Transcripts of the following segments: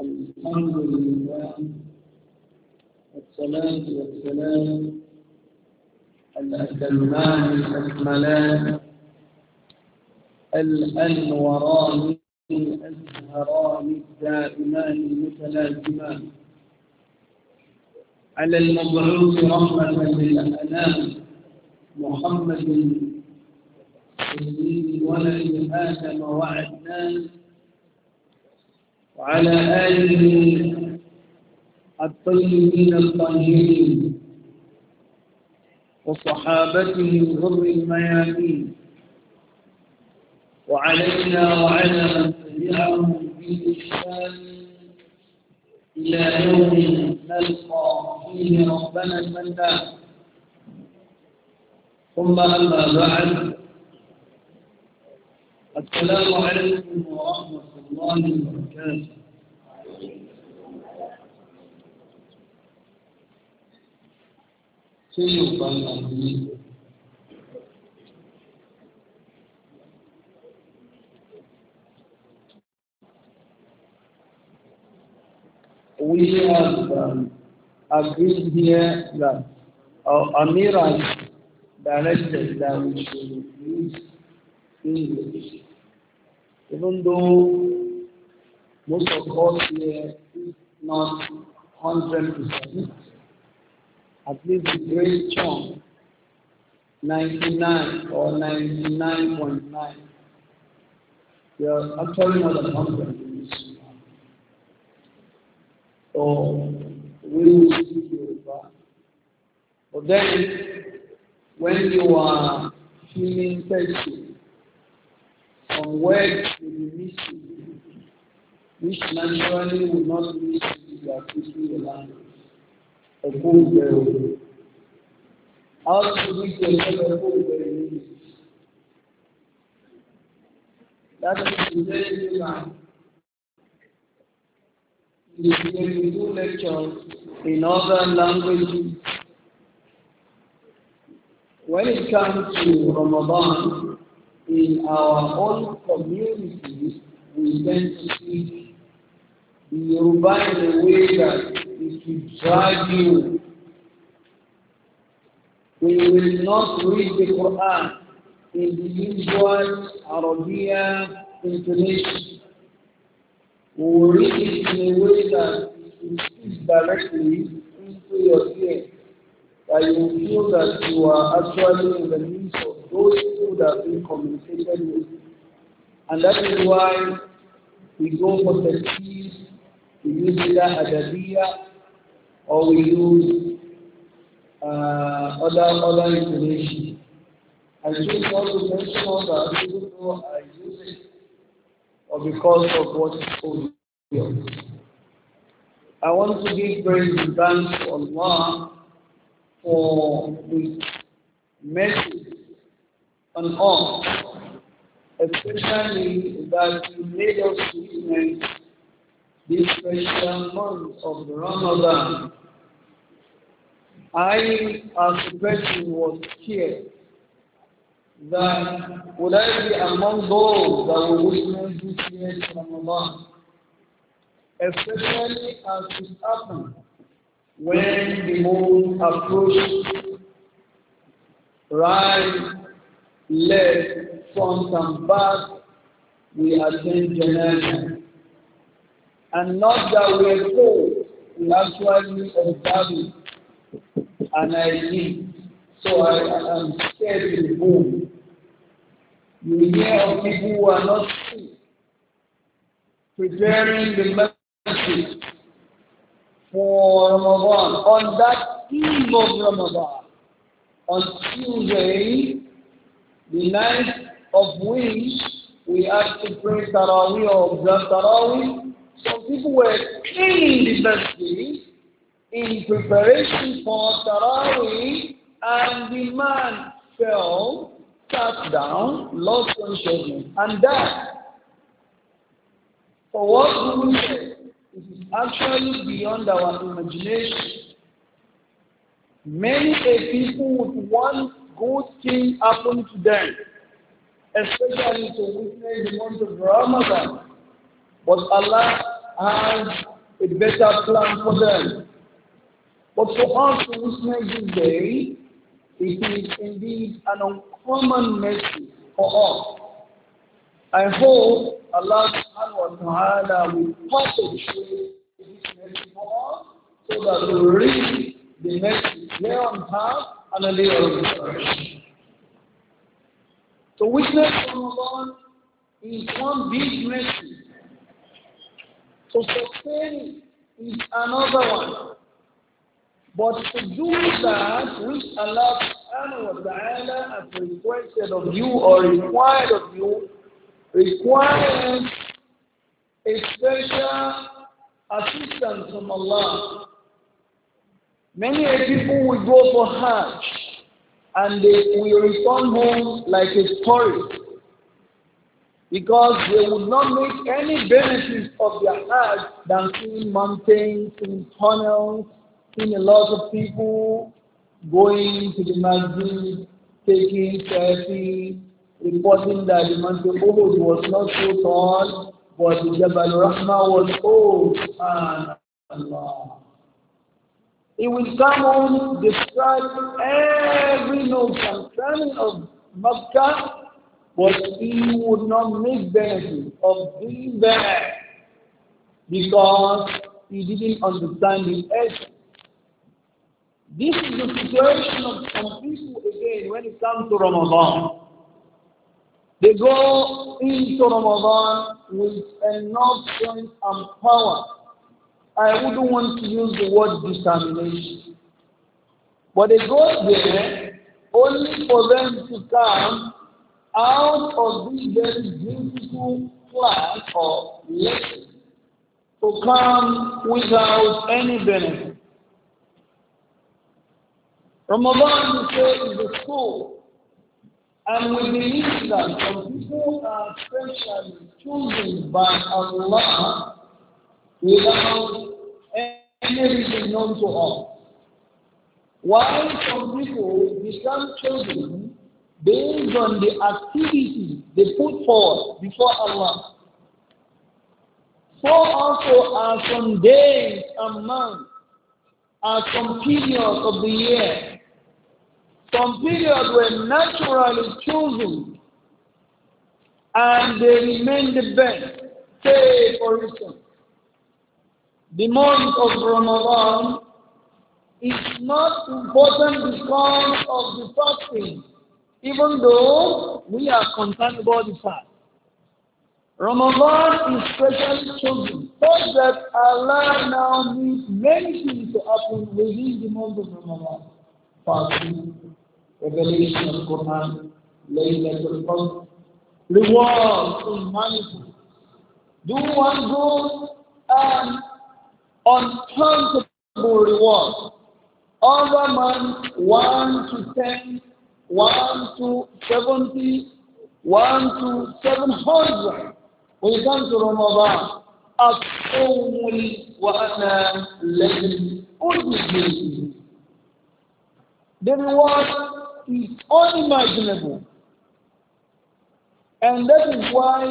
الحمد لله والصلاة والسلام الأتمان الأكملان الأنوران الأزهران الدائمان المتلازمان على المبعوث رحمة للأنام محمد سيد ولد آدم وعدنان وعلى آله الطيبين الطاهرين وصحابته الغر الميامين وعلينا وعلى من تبعهم بالإحسان إلى يوم نلقى فيه ربنا المنان ثم أما بعد السلام عليكم ورحمة الله وبركاته we have um, agreed here that uh, Amir has directed that we should use English. Even though most of us here is not 100%, at least the great chunk, 99 or 99.9, .9, we are actually not at 100 So we will see you back. But then, when you are feeling thirsty, some words will be missing, which naturally will not miss lead to the artificial language ẹ̀kọ́ ìbẹ̀rù in other languages. When it comes to Ramadan, in our own community, we tend to speak the Yoruba in a way that To you, We will not read the Quran in the usual Arabian intonation. We will read it in a way that it speaks directly into your ear, that you feel that you are actually in the midst of those who have been communicated with. And that is why we go for the keys, we use the adabiyah, or we use uh, other other information. I just want to mention that even though I use it or because of what is told here. I want to give praise and thanks to Allah for His message on us, especially that He made us witness this special month of Ramadan. I, as the person, was scared that would I be among those that will witness this from Allah, especially as it happened when the moon approached right, left, front and back, we attend generation. And not that we are told, we actually observe it and I live. So I, am scared to move. You hear of people who are not sick, preparing the message for Ramadan. On that eve of Ramadan, on Tuesday, the night of which we have to pray Tarawih or observe Tarawih, some people were cleaning the message in preparation for Tarawih, and the man fell, sat down, lost consciousness, and died. For what we say? is actually beyond our imagination. Many a people would want good thing happen to them, especially to witness the month of Ramadan. But Allah has a better plan for them. But for us to witness this day, it is indeed an uncommon mercy for us. I hope Allah subhanahu wa ta'ala will perpetuate this mercy for us so that we reach the mercy here on earth and on the resurrection. To witness from Allah is one big mercy. To sustain is another one. But to do that which Allah subhanahu wa ta'ala has requested of you or required of you requires a special assistance from Allah. Many people will go for Hajj and they will return home like a tourist because they would not make any benefit of their Hajj than seeing mountains, seeing tunnels, seen a lot of people going to the magazine, taking selfie, reporting that the mountain Uhud was not so tall, but the Jabal Rahma was old. Allah. He will come on, describe every nook and cranny of Makkah, but he would not make benefit of being there because he didn't understand the essence this is the situation of some people again when it comes to Ramadan. They go into Ramadan with enough strength and power. I wouldn't want to use the word determination. But they go there only for them to come out of this very beautiful class or lesson to come without any benefit. Ramadan, you say, is a school. And we believe that some people are specially chosen by Allah without any reason known to us. While some people become chosen based on the activity they put forth before Allah. So also are some days and months, are some periods of the year some periods were naturally chosen and they remained the best. Say, for instance, the month of Ramadan is not important because of the fasting, even though we are concerned about the fast. Ramadan is specially chosen such that Allah now needs many things to happen within the month of Ramadan. Fasting, revelation of Quran, Laylatul Qadr, reward in mindful. Do one good and uncountable reward. Other man, one to ten, one to seventy, one to seven hundred. When it comes to Ramadan, أصوم وأنا لن أدرك. The reward is unimaginable. And that is why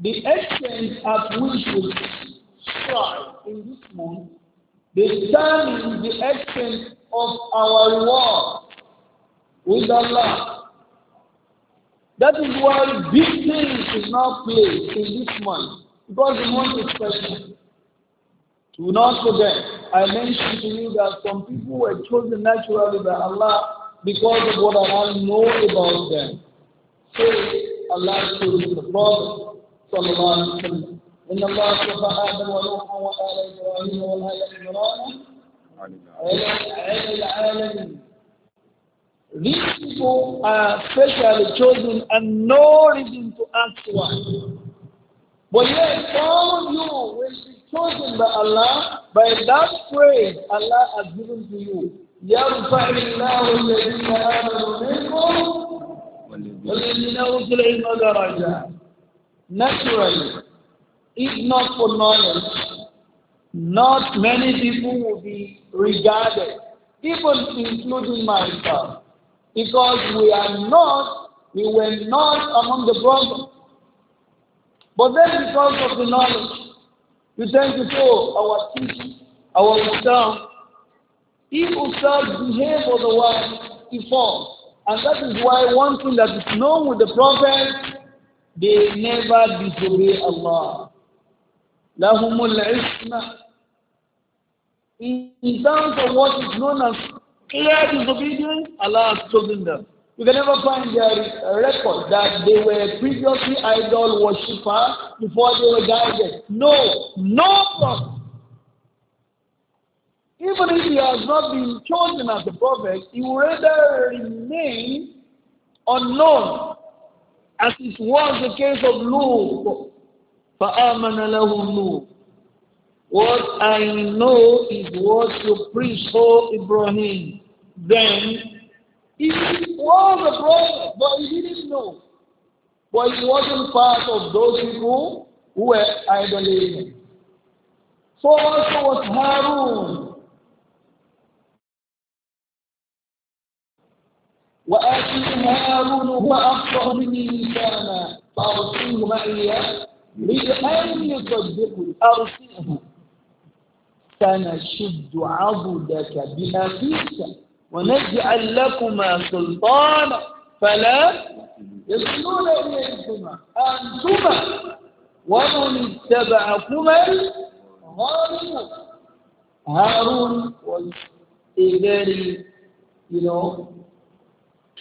the extent at which we strive in this month determines the extent of our war with Allah. That is why big things is not played in this month because the month is special. Do not forget, I mentioned to you that some people were chosen naturally by Allah because of what Allah knows about them. Says Allah to the Prophet sallallahu alaihi wasallam. إن الله اصطفى آدم ونوحا وآل إبراهيم وآل عمران على العالمين. These people are specially chosen and no reason to ask why. But yet, all of you will be chosen by Allah by that praise Allah has given to you. يرفع الله الذين آمنوا منكم والذين أوتوا العلم درجات Naturally, if not for knowledge, not many people will be regarded, even including myself, because we are not, we were not among the brothers. But then because of the knowledge, you tend to show our teaching, our wisdom, if Ustad behave otherwise, he falls. And that is why one thing that is known with the Prophet, they never disobey Allah. لَهُمُ الْعِسْمَةِ In terms of what is known as clear disobedience, Allah has chosen them. You can never find their record that they were previously idol worshippers before they were guided. No, no prophet even if he has not been chosen as a prophet, he will rather remain unknown, as it was the case of Luke. فَآمَنَ لَهُ What I know is what you preach, O Ibrahim. Then he was a prophet, but he didn't know. But he wasn't part of those people who were idolizing. So also was Harun, وآتي هارون هو أفضل مني لسانا فأرسله معي لأن يصدقني أرسله سنشد عضدك بما فيك ونجعل لكما سلطانا فلا يصلون إليكما أنتما ومن اتبعكما الغالبون هارون والإداري you know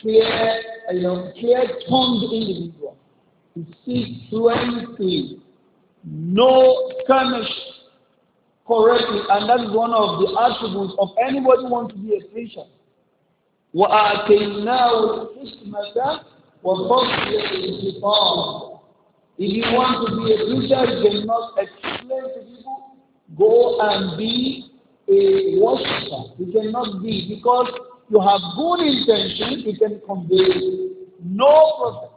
clear, you know, clear-tongued individual. He speaks fluently, no skirmish correctly, and that is one of the attributes of anybody who wants to be a preacher. وآتيناه الحكمة وفصل الخطاب if you want to be a preacher, you cannot explain to people, go and be a worshiper. You cannot be because you have good intention, you can convey no prophet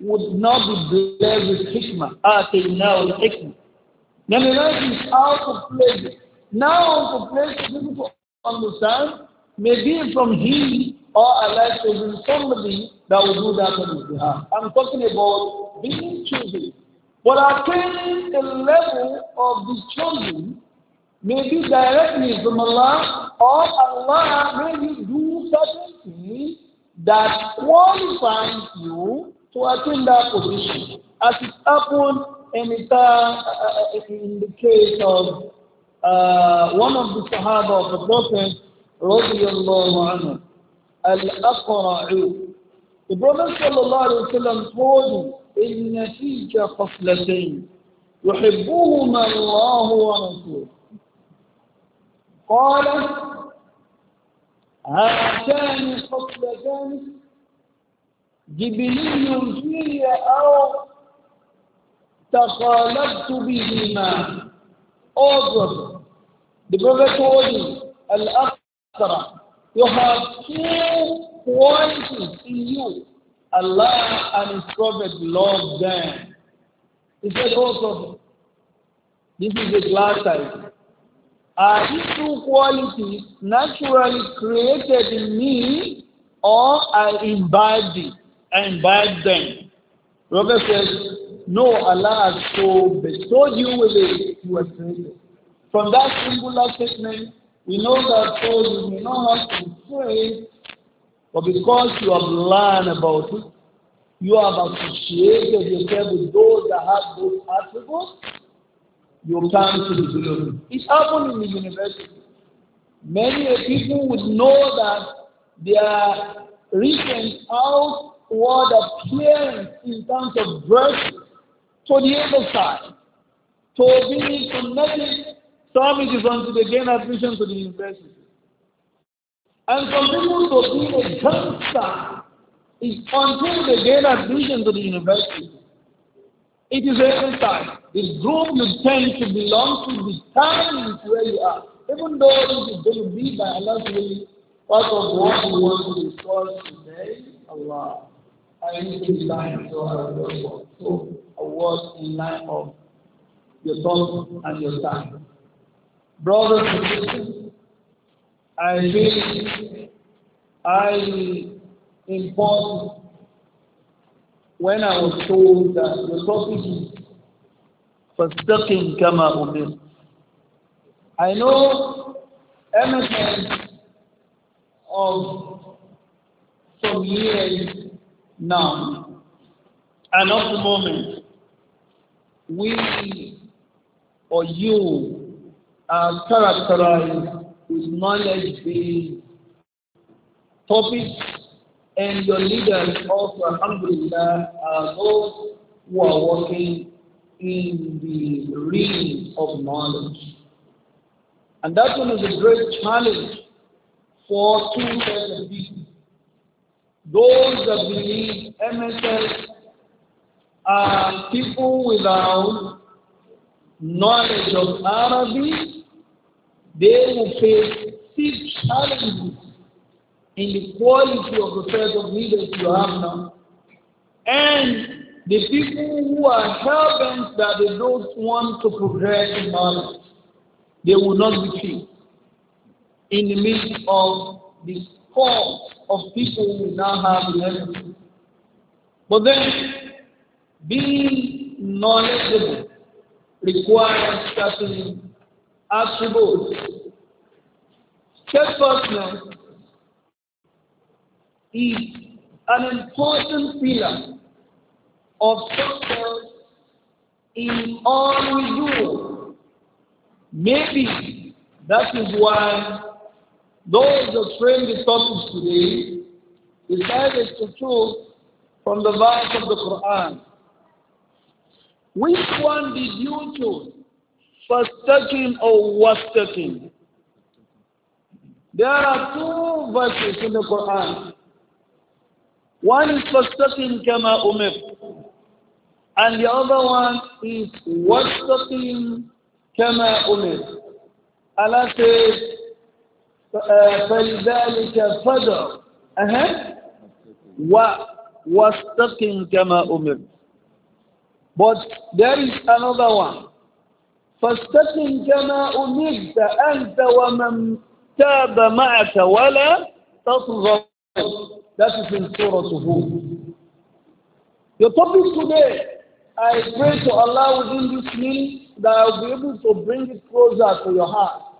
would not be blessed with hikmah. Ataynahu al-hikmah. Now the life is out of place. Now out of place, people to understand, maybe from he or Allah chosen somebody that will do that on his behalf. I'm talking about being chosen. But attaining the level of the chosen may be directly from Allah, or Allah may you do certain things that qualifies you to attain that position, as it happened uh, uh, uh, in the, case of uh, one of the Sahaba of the Prophet, radiallahu anhu, al-Aqra'u. The Prophet sallallahu alayhi wa sallam told him, إِنَّ فِيكَ خَصْلَتَيْنِ يُحِبُّهُمَا اللَّهُ وَرَسُولُهُ قال جبلي أو تخالفت بهما you, have two qualities in you. Allah and His Prophet love them. He said, Oh this is a glass title. Are these two qualities naturally created in me or I imbibed it, I imbibed them? Robert says, no, Allah has so bestowed you with it, you were created. From that singular statement, we know that so you may not have to pray, but because you have learned about it, you have associated yourself with those that have those attributes, you to It's happened in the university. Many people would know that their recent outward appearance in terms of virtue to the other side, to being connected, some it is until they gain admission to the university. And some people to be a gangster is until they gain admission to the university. It is rainy time. This group you tend to belong to the time where you are. Even though it is going to be by Allah's will, part of what we want to discuss today, Allah. I need to line so I So a word in line of your thoughts and your time. Brothers and sisters, I feel I important when I was told that the topic is فَاسْتَقِمْ كَمَا أُمِرْ I know everything of some years now and of the moment we or you are characterized with knowledge-based topics And your leaders also, alhamdulillah, are those who are working in the realm of knowledge. And that one is a great challenge for two sets of people. Those that believe MSL are people without knowledge of Arabic, they will face six challenges in the quality of the set of leaders you have now. And the people who are servants that they don't want to progress in knowledge, they will not be cheap. In the midst of the cause of people who now have But then, being knowledgeable requires certain attributes. Steadfastness is an important pillar of success in all we do. Maybe that is why those that frame the topics today decided to choose from the verse of the Quran. Which one did you choose? First, taking or taking? There are two verses in the Quran One is فَاسْتَقِمْ كَمَا أُمِرْ And the other one is وَاسْتَقِمْ كَمَا أُمِرْ Allah says فَلْذَلِكَ فَدَرْ وَاسْتَقِمْ كَمَا أُمِرْ But there is another one فاستقم كما أمرت أنت ومن تاب معك ولا تَطْغَرْ That is in Surah to whom. The topic today, I pray to Allah within this meal that I'll be able to bring it closer to your heart.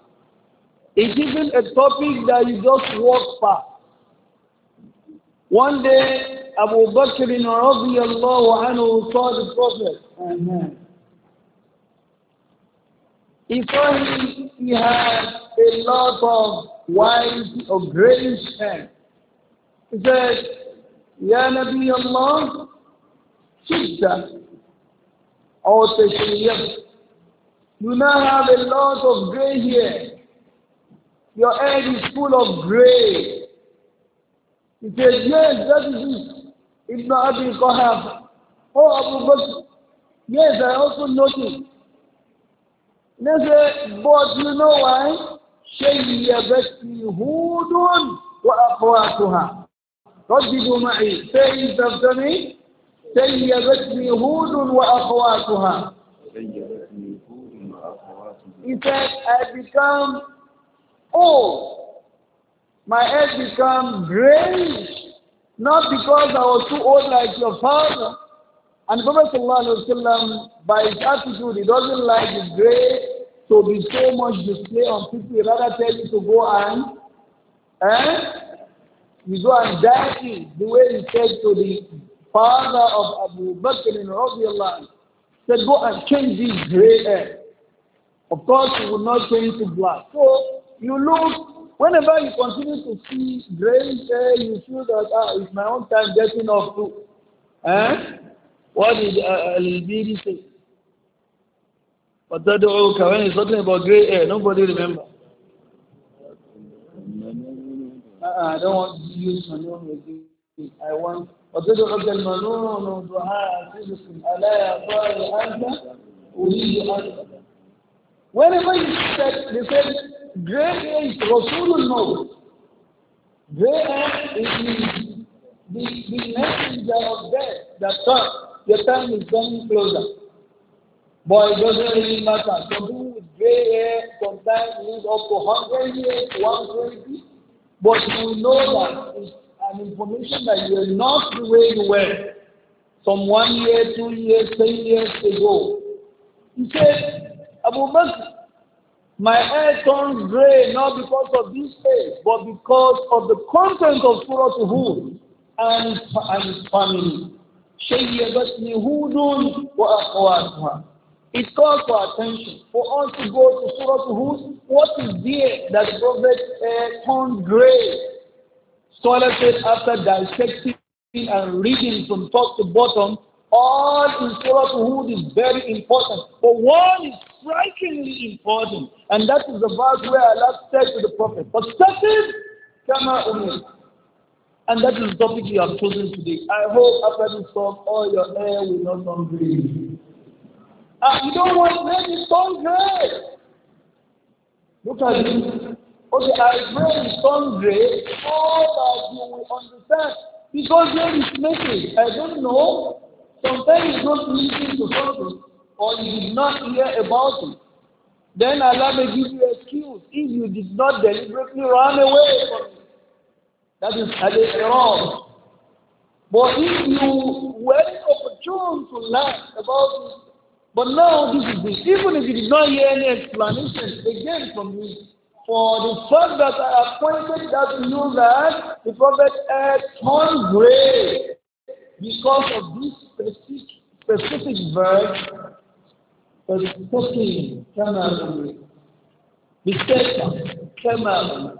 It isn't a topic that you just walk past. One day, Abu Bakr radiallahu anhu saw the Prophet. Amen. He saw he had a lot of wise or great hair. He said, Ya Nabi Allah, Shidda or Tashiyah. You now have a lot of gray here. Your head is full of gray. He said, Yes, that is it. Ibn Abi Qahab. Oh, Abu Bakr. Yes, I also noticed. And I But you know why? شيبته wa وأخواتها رددوا معي سيد زمزمي سيبتني هود وأخواتها He said, I become old. My head become gray. Not because I was too old like your father. And Prophet Sallallahu by his attitude, he doesn't like his gray to be so much display on people. He rather tell you to go and eh, you go and exactly the way he said to the father of Abu Bakr and Radiallahu said, go and change this gray hair. Of course, he would not change to black. So you look, whenever you continue to see gray hair, you feel that, ah, it's my own time getting off too. Eh? What did uh, uh Al-Biri say? But when he's talking about gray hair, nobody remembers. I don't want to use manun again. I want وتدعو المنون دعاء صدق ألا يا أنت أريد أن Whenever you said, they said, great is Rasulullah. Great is the, the messenger of death that comes. Your time is coming closer. But it doesn't really matter. Some with gray hair sometimes live up to 100 years, 120. But you know that it's an information that you are not the way you were from one year, two years, ten years ago. He said, Abu Bakr, my hair turns gray not because of this face, but because of the content of Surah whom and, and family. Hudun wa وأخواتها it calls for attention for us to go to Surah Hud. What is there that Prophet uh, turned grey? Scholars said after dissecting and reading from top to bottom, all in Surah Hud is very important. But one is strikingly important, and that is the verse where Allah said to the Prophet, But second, Kama Umir. And that is the topic you have chosen today. I hope after this talk, all your hair will not turn green. And ah, you don't want to make his tongue gray. Look at this. Okay, I pray his so gray all that you will understand. Because there is message. I don't know. Sometimes do not listen to something or you did not hear about it. Then Allah may give you excuse if you did not deliberately run away from it. That is wrong. But if you were opportune to learn about it, but now this is this. Even if you did not hear any explanation again from me, for the fact that I appointed that new man, the prophet had turned grey because of this specific, specific verse, specific Kamalui. The second, Kamalui.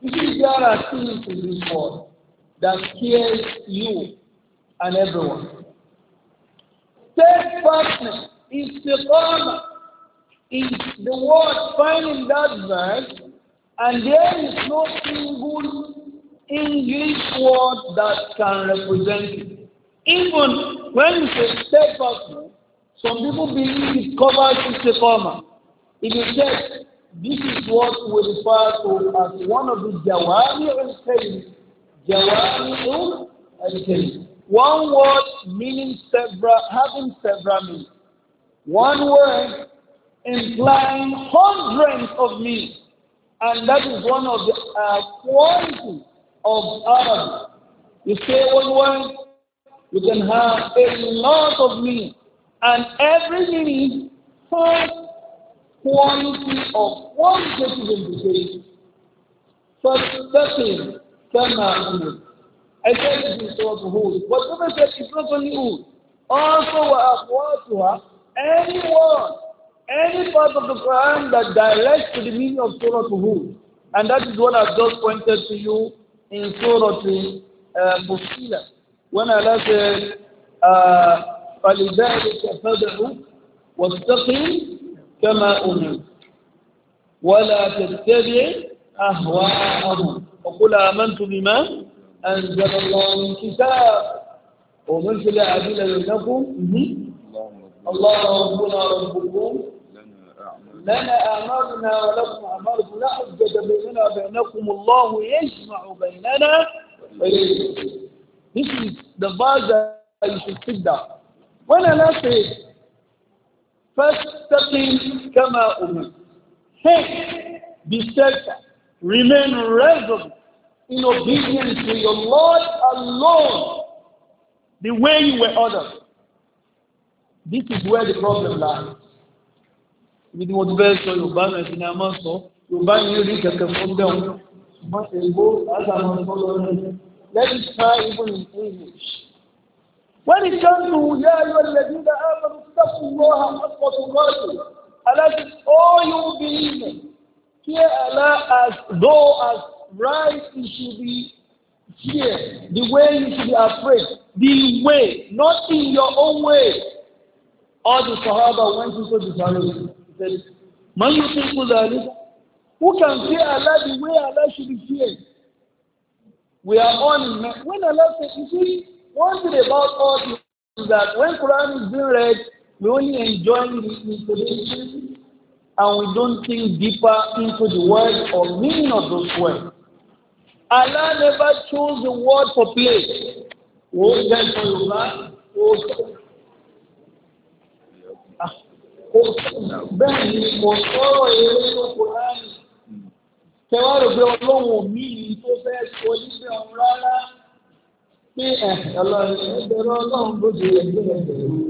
You see, there are things in this world that scares you and everyone. Steadfastness, istiqamah, is the word found in that verse, and there is no single English word that can represent it. Even when you say steadfastness, some people believe it covers istiqamah. It is said, this is what we refer to as one of the jawami al-kalim. or al-kalim. One word meaning several, having several meanings. One word implying hundreds of meanings. And that is one of the uh, qualities of Arabic. You say one word, you can have a lot of meanings. And every meaning has quality of qualitative implication. First, second, semi Again, this is what Hud. But Prophet said it's not only Hud. Also, what وَأَخْوَاتُهَا Anyone, any part of the Quran that directs to the meaning of Surah Hud. And that is what I've just pointed to you in Surah to Mufila. When Allah said, uh, فَلِذَلِكَ فَدْعُ وَاسْتَقِمْ كَمَا أُمِرْ وَلَا تَتَّبِعْ أَهْوَاءَهُمْ وَقُلْ آمَنْتُ بِمَا أنزل الله من الكتاب ومنزل أبينا لكم الله ربنا ربكم لنا أعمالنا ولكم أعمالكم لا أجد بيننا بينكم الله يجمع بيننا This is the verse that you should sit down. When Allah says, فَاسْتَقِمْ كَمَا أُمِرْ Hey, be steadfast, remain resolute in obedience to your Lord alone the way you were ordered. This is where the problem lies. sọ a rí Let us try even in English. When it comes to yá ayọ̀ lẹ́bí ní àmọ́ sẹ́kù lọ́wọ́ àpapọ̀ tó rọ́ọ̀lù. Allah says, all you believe, fear Allah as though as right you should be fear, the way you should be afraid, the way, not in your own way. All the Sahaba went into the Sahaba. Said, Man yusiku Who can fear Allah the way Allah should be feared? We are on When Allah says, you see, one thing about us is that when Quran is being read, we only enjoy the information and we don't think deeper into the word or meaning of those words. Allah never chose a word for play. Wo jẹ́ ìjọ Yorùbá, wo bẹ́ẹ̀ ni kò sọ̀rọ̀ eré tó kò láàyè. Tẹ̀wá rò pé ọlọ́run mi yìí tó fẹ́ sọ níbẹ̀ ọ̀hún rárá. Pé ẹ̀ ọlọ́run ẹgbẹ̀rún ọlọ́run lóde ẹgbẹ̀rún ẹgbẹ̀rún.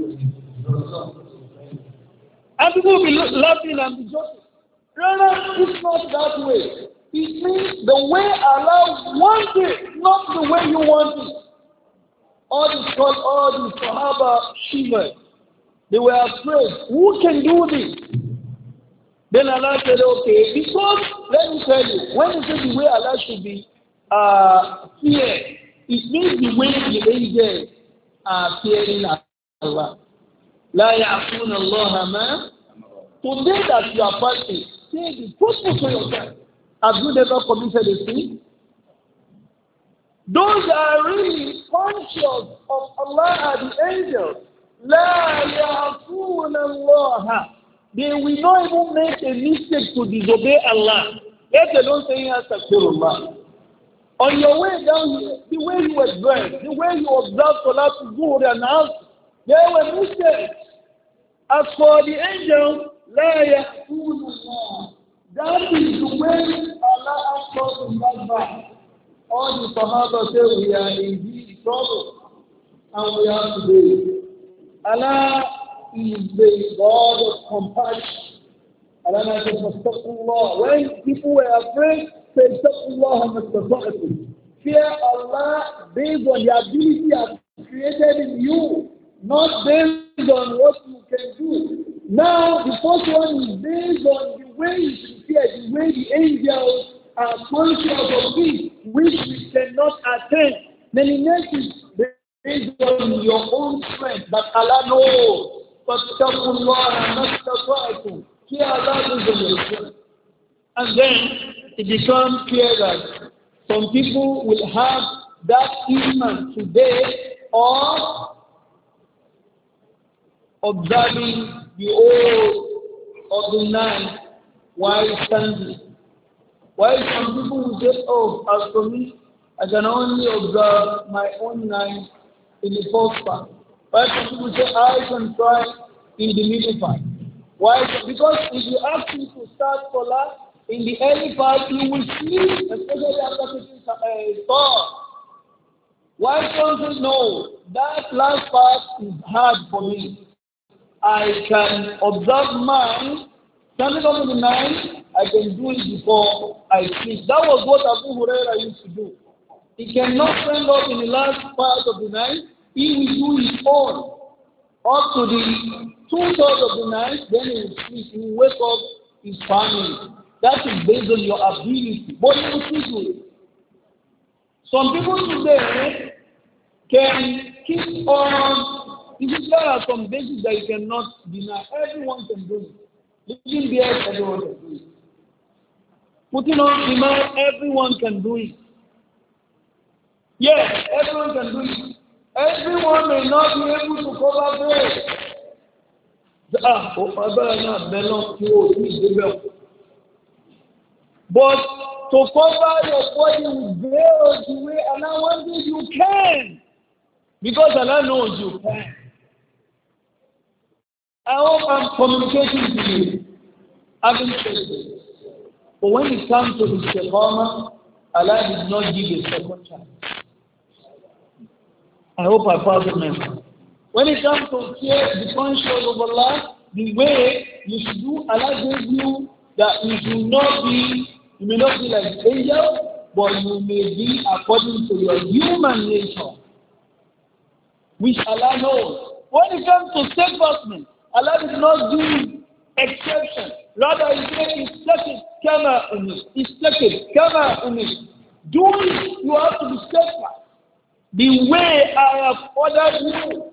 Everyone be laughing and be joking. Rárá, it's not that way. It means the way Allah wants it, not the way you want it. All the, all the Sahaba shivered. They were afraid. Who can do this? Then Allah said, okay, because, let me tell you, when you say the way Allah should be uh, feared, it means the way the angels are fearing Allah. La ya'fun Allah man. Today that you are fasting, say the truthful to yourself. Have you never committed a sin? Those are really conscious of Allah and the angels. La ya'fun Allah. They will not even make a mistake to disobey Allah. Let alone saying astaghfirullah. On your way down here, the way you were dressed, the way you observed Salat Zuhur and Asr, there were mistakes. As for the angels, la ya'fun Allah. That is the way Allah asked us in that verse. All the Sahaba say we are in trouble and we are today. Allah is the God of compassion. Allah says, Mastaqullah. When people were afraid, say, Mastaqullah and Fear Allah based on the ability I've created in you, not based on what you can do. Now, the first one is based on way is the way the angels are conscious of things which we cannot attain. Many nations based on your own strength, but Allah knows. فاتقوا الله ما استطعتم. Fear Allah is And then it becomes clear that some people will have that iman today of observing the old of the night why Sunday? Why some people will say, oh, as for me, I can only observe my own night in the fourth part. Why some people say, I can try in the middle part. Why? Because if you ask me to start for Salah in the early part, you will sleep, especially after taking a uh, thought. Why don't you know that last part is hard for me? I can observe mine Twenty-seven nine, I can do it before I sleep. That was what Abu Huraira used to do. He cannot stand up in the last part of the night. He will do his own up to the two-thirds of the night. Then he will sleep. He will wake up his family. That is based on your ability. But you sleep with. Some people today can keep on. This is there are some basics that you cannot deny. Everyone can do it. Looking beard, everyone can do it. Putting on imam, everyone can do it. Yes, everyone can do it. Everyone may not be able to cover bread. Ah, abẹ́rẹ́ náà bẹ́ẹ̀ náà kí o ní ìdébẹ̀. But to cover your body with veil the way Allah wants you can. Because Allah knows you can. I hope I'm communicating to you. Having said this. But when it comes to the istiqamah, Allah did not give a second chance. I hope I passed the message. When it comes to fear, the control of Allah, the way you should do, Allah gave you that you should not be, you may not be like angels, but you may be according to your human nature, which Allah knows. When it comes to steadfastness, Allah is not doing exception. Rather, He said, instructed, kama umir. Instructed, kama umir. Do it. You have to be steadfast. The way I have ordered you.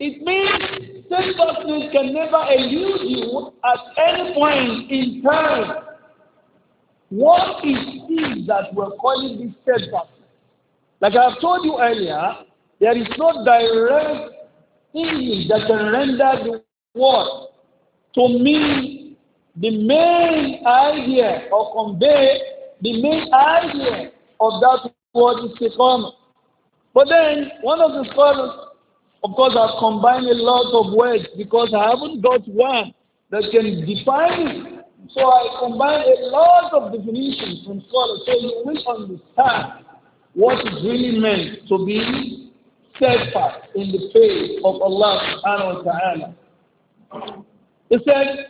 It means steadfastness can never elude you at any point in time. What is it that we're calling this steadfastness? Like I have told you earlier, there is no direct Things that can render the word to mean the main idea or convey the main idea of that word is come. But then one of the scholars, of course, I've combined a lot of words because I haven't got one that can define it. So I combined a lot of definitions from scholars so you will understand what it really meant to be steadfast in the faith of Allah subhanahu wa ta'ala. He said,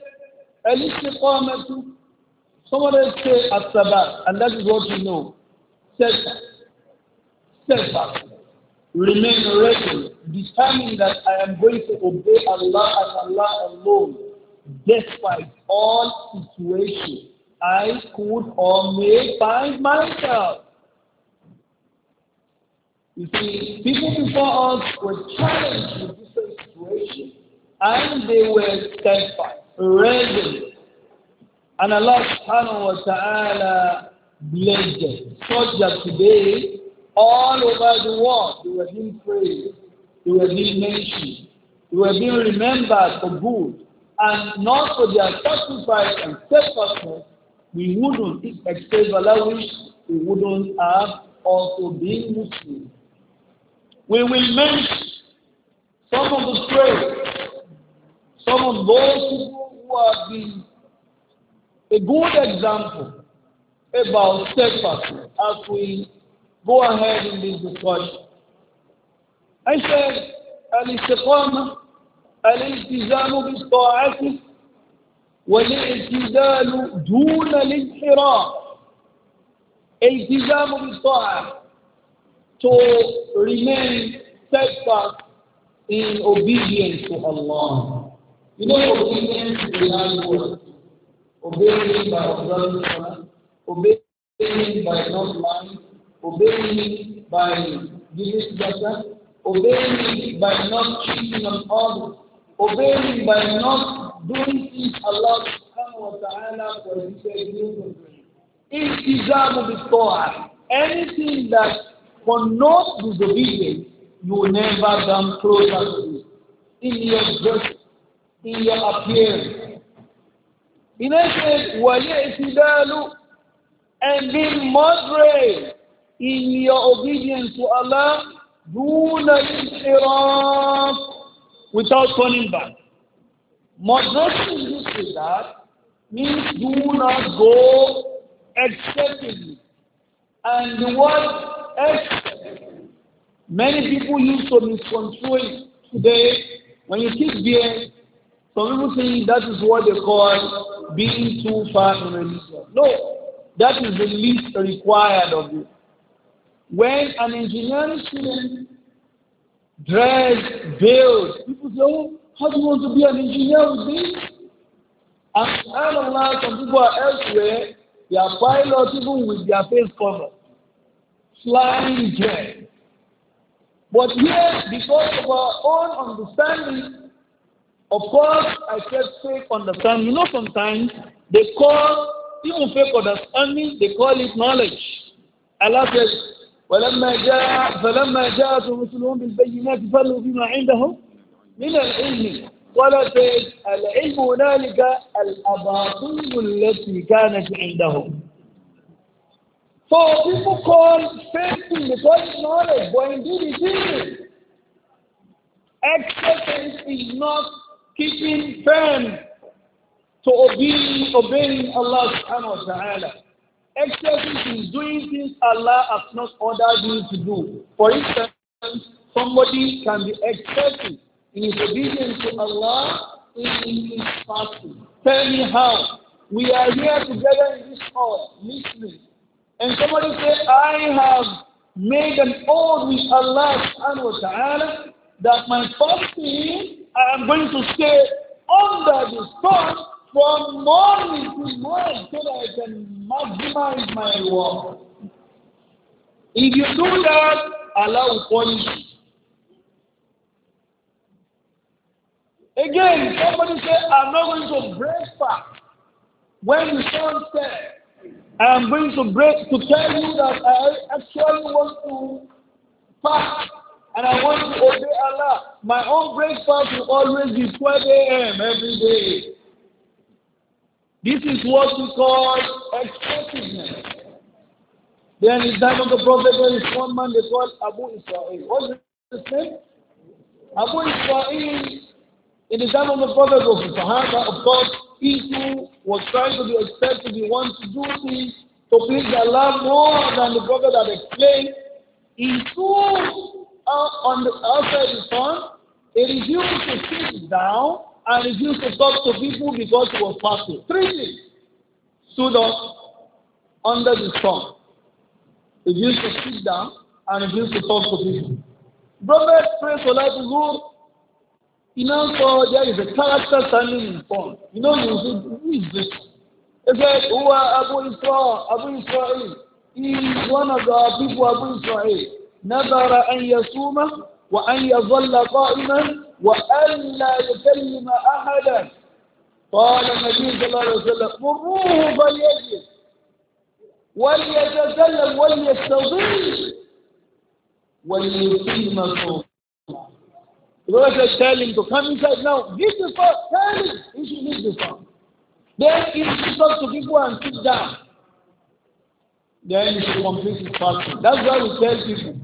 Al-istiqamatu, someone else say as-sabat, and that is what you know. Steadfast. Steadfast. Remain ready, determined that I am going to obey Allah and Allah alone, despite all situations I could or may find myself. You see, people before us were challenged with different situations and they were steadfast, resolute. And Allah subhanahu wa ta'ala blessed them. Such that today, all over the world, they were being praised, they were being mentioned, they were being remembered for good. And not for their sacrifice and steadfastness, we wouldn't, if except Allah wish, we wouldn't have also been Muslims. We will mention some of the prayers, some of those people who have been a good example about steadfastness as we go ahead in this discussion. I said, الاستقامة الالتزام بالطاعة والاعتدال دون الانحراف التزام بالطاعة to remain steadfast in obedience to Allah. You know, obedience is the hard Obeying by observing Quran, obeying by not lying, obeying by giving better, obeying by not cheating on others, obeying by not doing things Allah subhanahu wa ta'ala prohibited you from doing. Anything that for no disobedience, you will never come closer to Him. In your dress, in your appearance. He then says, وَلِعْتِدَالُ And be moderate in your obedience to Allah, do not الْإِنْحِرَافِ Without turning back. Moderation in this regard means do not go excessively. And the word as many people used to misconstrue it today, when you kick beer, some people say that is what they call being too far in religion. No, that is the least required of you. When an engineering student dress built, people say, oh, how do you want to be an engineer with this? And I don't know, some people are elsewhere, they are pilots even with their face covered. flying jet. But here because of our own understanding, of course, I said fake understanding. You know, sometimes they call even fake understanding, they call it knowledge. Allah says, فلما جاء فلما جاءتهم رسلهم بالبينات فروا بما عندهم من العلم ولا العلم هنالك الاباطيل التي كانت عندهم So people call fasting because it's not knowledge, but indeed it is. is not keeping firm to obeying, obeying Allah subhanahu wa ta'ala. Exercise is doing things Allah has not ordered you to do. For instance, somebody can be excessive in his obedience to Allah in his fasting. Tell me how. We are here together in this hall, listening and somebody said, I have made an oath with Allah subhanahu wa ta'ala that my fasting I am going to stay under the sun from morning to morning so that I can maximize my work. If you do that, Allah will punish you. Again, somebody said, I'm not going to break fast when the sun sets. I am going to break to tell you that I actually want to fast and I want to obey Allah. My own breakfast will always be 12 a.m. every day. This is what we call exclusiveness. Then in time of the Prophet, there is one man they call Abu Israel. What's his name? Abu Israel, in the time of the Prophet, was a Sahaba, of course, into was trying to be expected to wanted to do things to please the Lord more than the brother that explained, he stood on the outside the son, he refused to sit down and refused to talk to people because he was fasting. Three things stood up under the sun, refused to sit down and refused to talk to people. Prophet prayed Salat Zuhr You now saw there is a character standing in front. You know, you said, who is this? He said, who are Abu Israel? Abu Israel. He is one of the people Abu Israel. نذر أن يصوم وأن يظل قائما وألا يكلم أحدا قال النبي صلى الله عليه وسلم مروه فليجلس وليتكلم وليستضيف وليقيم صوته The Lord said, tell him to come. He said, no, give the first. Tell him he should leave the first. Then he should talk to people and sit down. Then he should complete his fasting. That's why we tell people.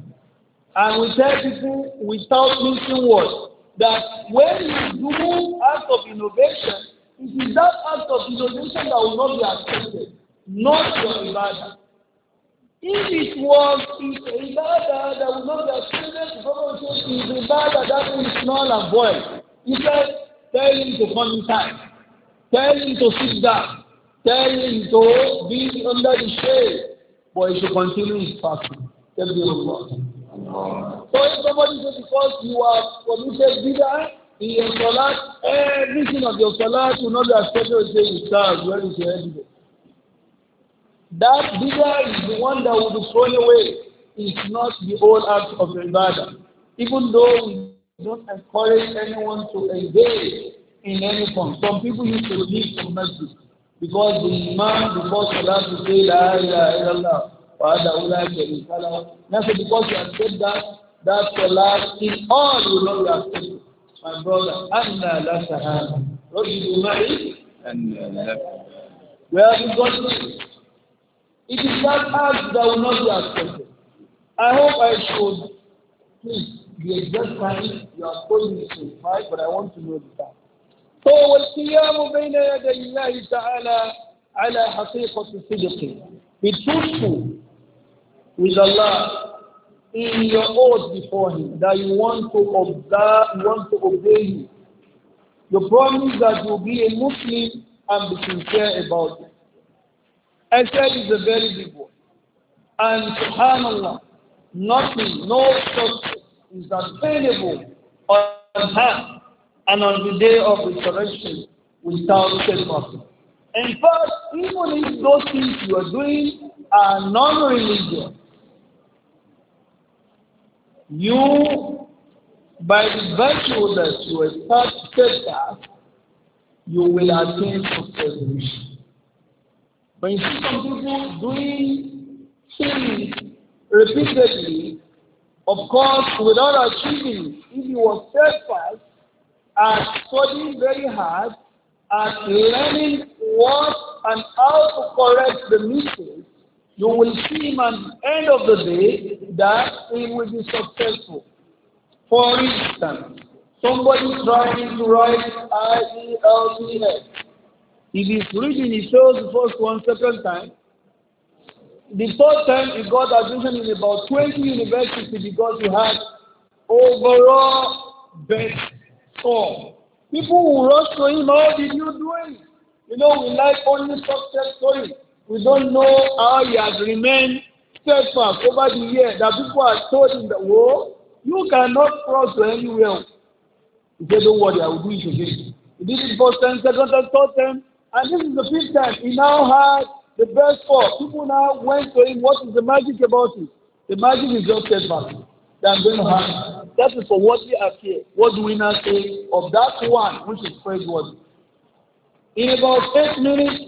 And we tell people without missing words that when you do act of innovation, it is that act of innovation that will not be accepted, not your ibadah. If it was if a that would not have students go to is ibadah that is null and void. He said, tell him to come inside. Tell him to sit down. Tell him to be under the shade. But he should continue his fasting. Tell the Lord. So if somebody says because you are committed bidah in your salat, everything of your salat will not be accepted. Say, Ustaz, where is your evidence? That bid'ah is the one that will be thrown away. It's not the old act of ibadah. Even though we don't encourage anyone to engage in any form. Some people used to leave from masjid because the imam before salah to say la ilaha illallah wa hada ula sharika Now because you have said that, that salah is all you know you have said. My brother, anna la sahara. What did you marry? And uh, where have you got It is that act that will not be accepted. I hope I should. please the exact time you are calling me to fight, but I want to know the time. So والقيام بين يدي الله تعالى على حقيقة صدقه. Be truthful with Allah in your oath before Him that you want to observe, you want to obey Him. You promise that you'll be a Muslim and be sincere about it. Ethel is a very big one. And subhanAllah, nothing, no substance is available on earth, and on the day of resurrection without self In fact, even if those things you are doing are non-religious, you, by the virtue that you are such steadfast, you will attain success. But you see some people doing things repeatedly, of course, without achieving. If you were steadfast at studying very hard, at learning what and how to correct the mistakes, you will see him at the end of the day that he will be successful. For instance, somebody trying to write IELTS If he's reading, he shows the first one second time. The third time he got admission in about 20 universities because he had overall best score. People will rush to him, how did you do it? You know, we like only success stories. We don't know how he has remained steadfast over the years that people are told in the world, you cannot to anywhere. He said, don't worry, I will do it again. He did it first time, second time, third time. And this is the fifth time. He now had the best four. People now went to him. What is the magic about it? The magic is just That i going to That is for what we are here. What do we now say of that one which is praiseworthy? In about eight minutes,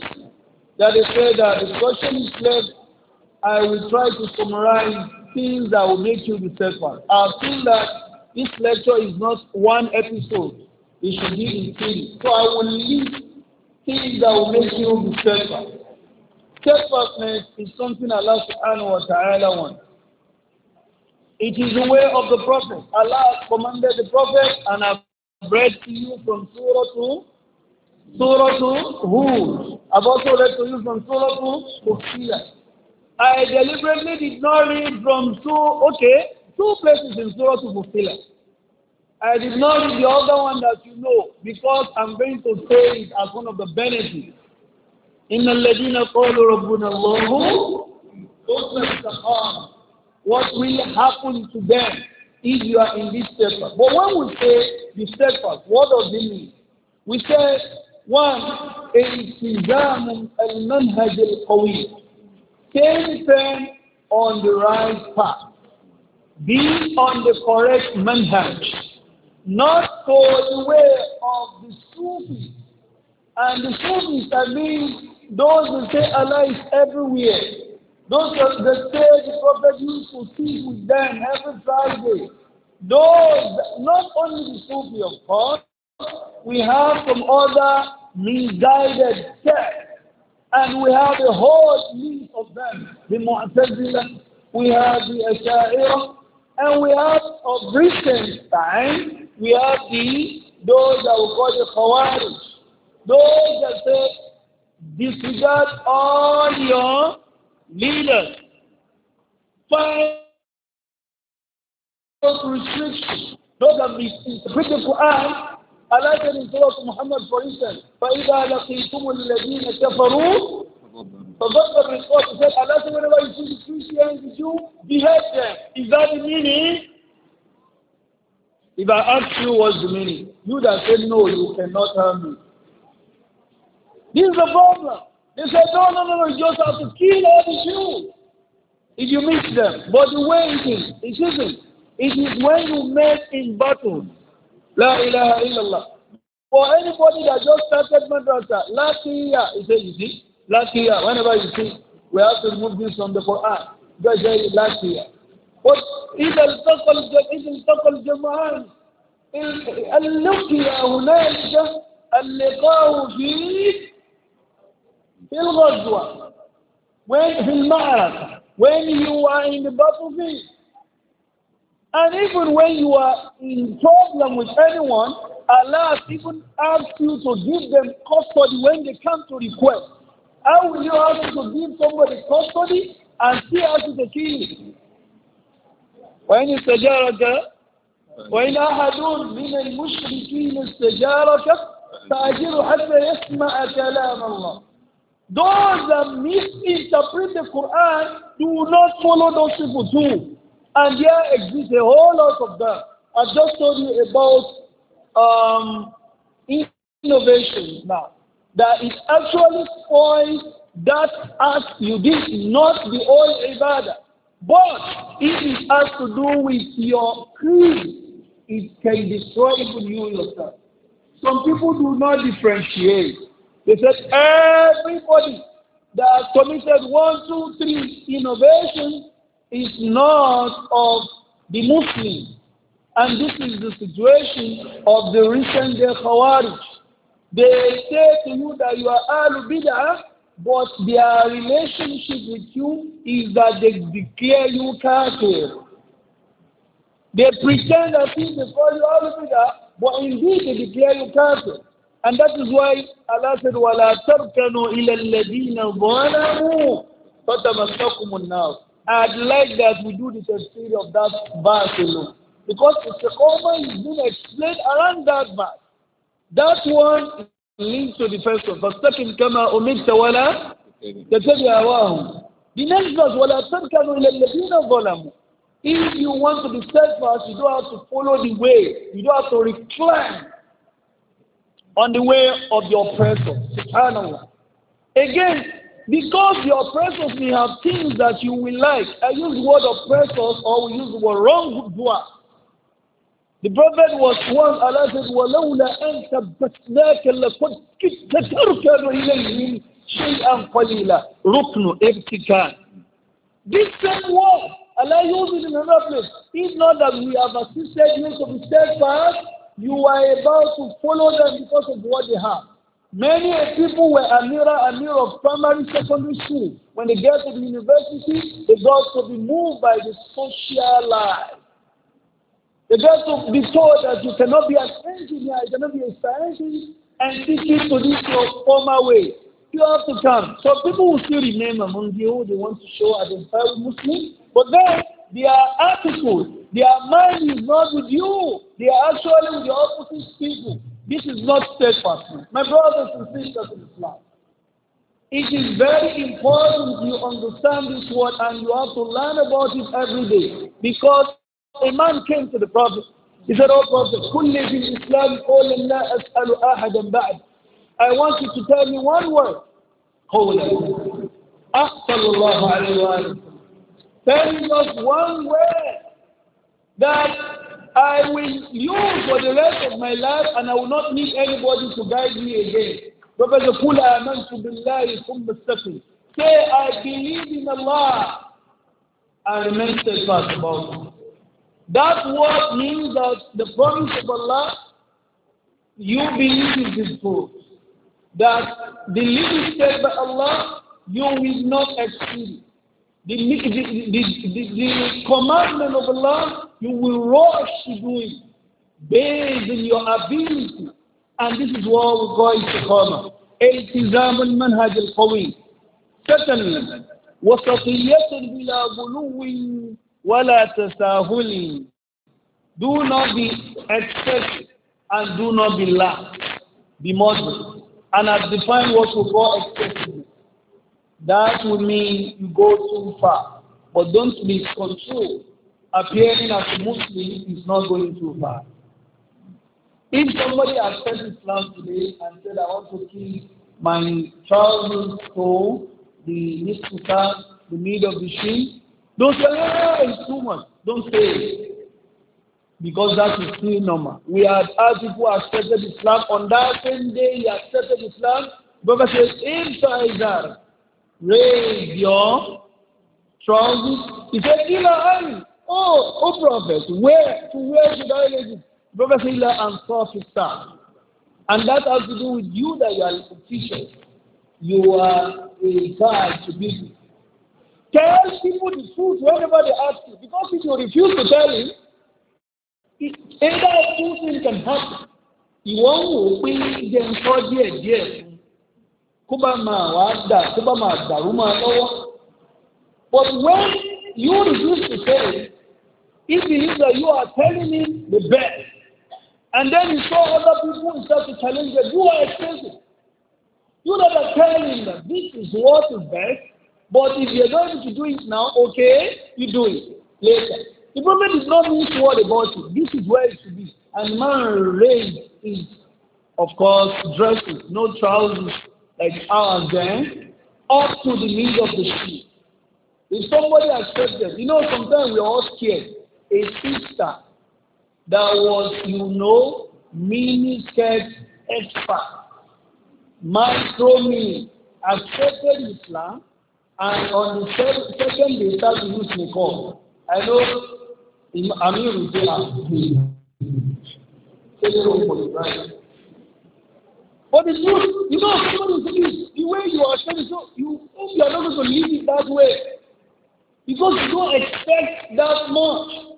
that is said the discussion is left. I will try to summarize things that will make you be steadfast. I feel that this lecture is not one episode. It should be in three. So I will leave things that will make you be steadfast. Steadfastness is something Allah subhanahu wa ta'ala wants. It is the way of the Prophet. Allah commanded the Prophet and I've read to you from Surah to Surah to who I've also read to you from Surah to Hufsila. I deliberately did not read from two, okay, two places in Surah to Hufsila. I did not read the other one that you know because I'm going to say it as one of the benefits. In the قالوا ربنا الله What will happen to them if you are in this steadfast? But when we say the steadfast, what does it mean? We say one, التزام المنهج القوي. Staying firm on the right path. Be on the correct manhaj not for the way of the Sufis. And the Sufis I mean those who say Allah is everywhere. Those that say the Prophet used to speak with them every Friday. Those, not only the Sufi of course, we have some other misguided sects. And we have a whole list of them. The Mu'tazila, we have the Asha'ira, and we have of recent times we have the those that we call the Khawarij, those that say disregard all your leaders. Find those restrictions, those that misinterpret the Quran. Allah said in Surah Muhammad, for instance, فَإِذَا لَقِيتُمُ الَّذِينَ كَفَرُوا so God got respond. He said, Allah said, whenever you see the Christians, you behead them. Is that the meaning? If I ask you what's the meaning, you that said no, you cannot harm me. This is the problem. They said, no, no, no, no, you just have to kill all the Jews if you miss them. But the way it is, it isn't. It is when you met in battle. La ilaha illallah. For anybody that just started madrasa, last year, he said, you see, Last year, whenever you see, we have to move this from the Quran. Just say last year. But إذا التقى إذا التقى الجمعان اللقي هنالك اللقاء في في الغزوة when في المعركة when you are in the battlefield and even when you are in problem with anyone Allah even asks you to give them custody when they come to request how will you ask to give somebody custody and still ask to kill him? وإن استجارك وإن أحد من المشركين استجارك فأجره حتى يسمع كلام الله. Those that misinterpret the Quran do not follow those people too. And there exists a whole lot of that. I just told you about um, innovation now that it actually spoils that act you did, not the old ibadah. But if it has to do with your creed, it can destroy even you yourself. Some people do not differentiate. They said everybody that committed one, two, three innovation is not of the Muslim. And this is the situation of the recent day Khawarij. They say to you that you are Ahlul Bid'ah, but their relationship with you is that they declare you kafir. They pretend that people call you Ahlul Bid'ah, but indeed they declare you kafir. And that is why Allah said, وَلَا تَرْكَنُوا إِلَى الَّذِينَ ظَلَمُوا فَتَمَسَّكُمُ النَّارِ I'd like that we do the tafsir of that verse alone. Because the Quran is being explained around that verse. That one linked to the first one. فَاسْتَقِمْ كَمَا أُمِرْتَ وَلَا تَتَبِعْ هَوَاهُمْ The next verse, وَلَا تَرْكَنُوا إِلَى الَّذِينَ ظَلَمُوا If you want to be steadfast, you don't have to follow the way. You don't have to recline on the way of your oppressor. Again, because your oppressors may have things that you will like. I use the word oppressors or we use the word wrongdoer. The Prophet was one, Allah said, وَلَوْلَا أَن ثَبَّتْنَاكَ لَقَدْ كِدْتَ تَرْكَنُ إِلَيْهِمْ شَيْئًا قَلِيلًا رُكْنُ ابْتِكَانٍ This same word, Allah uses in another place. It's not that we have assisted you to be steadfast, you are about to follow them because of what they have. Many people were amira, amir of primary, secondary school. When they get to the university, they got to be moved by the social life. They just to be told that you cannot be an engineer, you cannot be a scientist, and teach it to this your former way. You have to come. So people will still remain among you. They want to show identify with Muslim, but then their attitude, their mind is not with you. They are actually with the opposite people. This is not steadfastness. My brothers and sisters in Islam, it is very important you understand this word and you have to learn about it every day because a man came to the Prophet. He said, Oh Prophet, Kulli in Islam qawlan as'alu ahadan ba'd. I want you to tell me one word. Qawlan. Sallallahu alayhi wa Tell me just one word that I will use for the rest of my life and I will not need anybody to guide me again. Prophet said, Qul amantu billahi the istaqim. Say, I believe in Allah I remain steadfast about it. That word means that the promise of Allah you believe is book. That the living said by Allah, you will not exceed it. The, the, the, the, commandment of Allah, you will rush to do it based on your ability. And this is what we call istiqama. التزام al القوي. Secondly, وسطية بلا غلو Wala tasahuli. Do not be excessive and do not be lax. Be moderate. And I've defined what we call excessive. That would mean you go too far. But don't miscontrol. Appearing as a Muslim is not going too far. If somebody accepted last today and said, I want to keep my trousers to the niskuta, the mid of the shin, don't say, oh, it's too much. Don't say it. Because that is still normal. We had had people accepted Islam. On that same day, he accepted Islam. Brother says, Ibtaizar, raise your trousers. He said, Ila Oh, oh, prophet, where? To where should I raise it? Brother says, Ila and prophet star. And that has to do with you that you are teaching. You are a guide to people. Tell people the truth whenever they ask you. Because if you refuse to tell him, either two things can happen. Ìwọ́n wò pé jẹ́ nǹkan díẹ̀ díẹ̀ fún kó bá máa wá dà kó bá máa dàrú máa lọ́wọ́. But when you refuse to tell him, he believes that you are telling him the best. And then you saw other people he start to challenge them. You are expensive. You know that telling him that this is what is best But if you're going to do it now, okay, you do it later. The Prophet is not to worry about it. This is where it should be. And man raised is, of course, dresses, no trousers like ours then, eh, up to the knees of the shoe. If somebody has them, you know, sometimes we're all scared. A sister that was, you know, mini skirt expert, micro me, accepted Islam, and on the third, second day, start to use call. I know Amir will say, ah, take it home for the bride. But the truth, you know, somebody is the way you are studying, so you hope you are not going to leave it that way. Because you don't expect that much.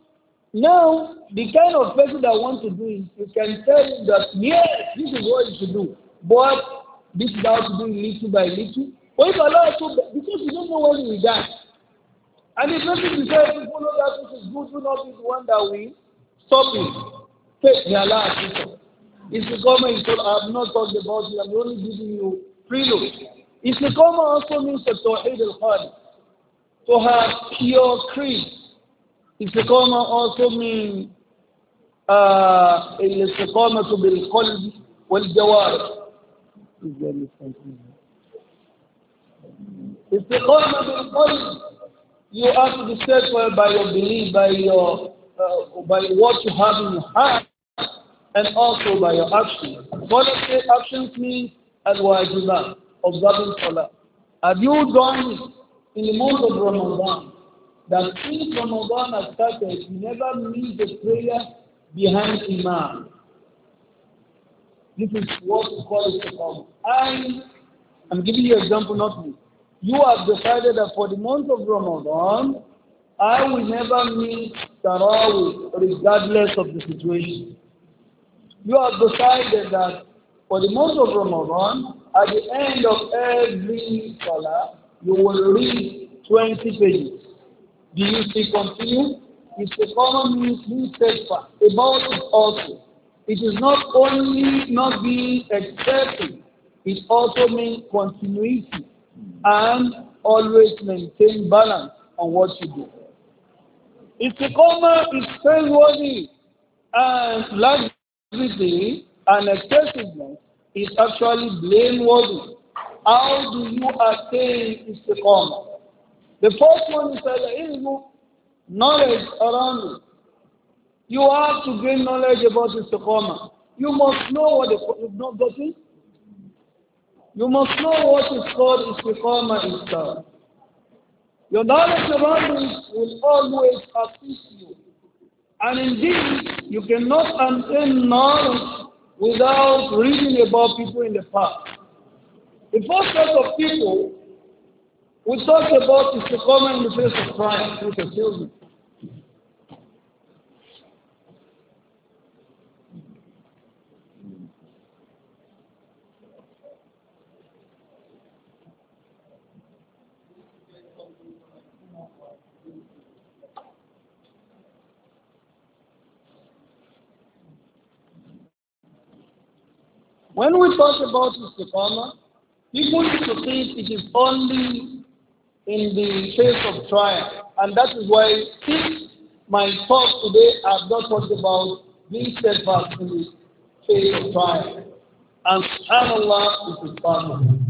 Now, the kind of person that wants to do it, you can tell him that, yes, this is what you should do. But this is how to do it little by little What if Allah so bad? Because you don't know when you die. And if nothing deserves to follow that which is good, do not be the one that will stop it. Take the Allah system. It's the government told, I have not talked about you, am only giving you prelude. It's the government also means the Tawheed al Khali. To have pure creed. It's the government also means uh, الاستقامة بالقلب والجوارح. Istiqamah bil qalb. You have to be satisfied by your belief, by your uh, by what you have in your heart, and also by your actions. What say, actions means al-wajibat, observing salah. Have you done in the month of Ramadan that since Ramadan has started, you never miss the prayer behind Imam? This is what we call it. Um, I am giving you example, not me you have decided that for the month of Ramadan, I will never miss Tarawih regardless of the situation. You have decided that for the month of Ramadan, at the end of every Salah, you will read 20 pages. Do you still continue? It's the common newspaper about it also. It is not only not being accepted, it also means continuity and always maintain balance on what you do. Istiqomah is praiseworthy and laxity and excessiveness is actually blameworthy. How do you attain istiqomah? The first one is al knowledge around you. You have to gain knowledge about istiqomah. You must know what the, you've not getting. You must know what is called istiqamah itself. Your knowledge about this will always assist you. And indeed, you cannot attain knowledge without reading about people in the past. The first set of people we talked about istiqamah in the face of crime through the children. When we talk about istiqamah, people to think it is only in the face of trial. And that is why since my talk today, I have not talked about being steadfast in the face of trial. And subhanAllah is istiqamah.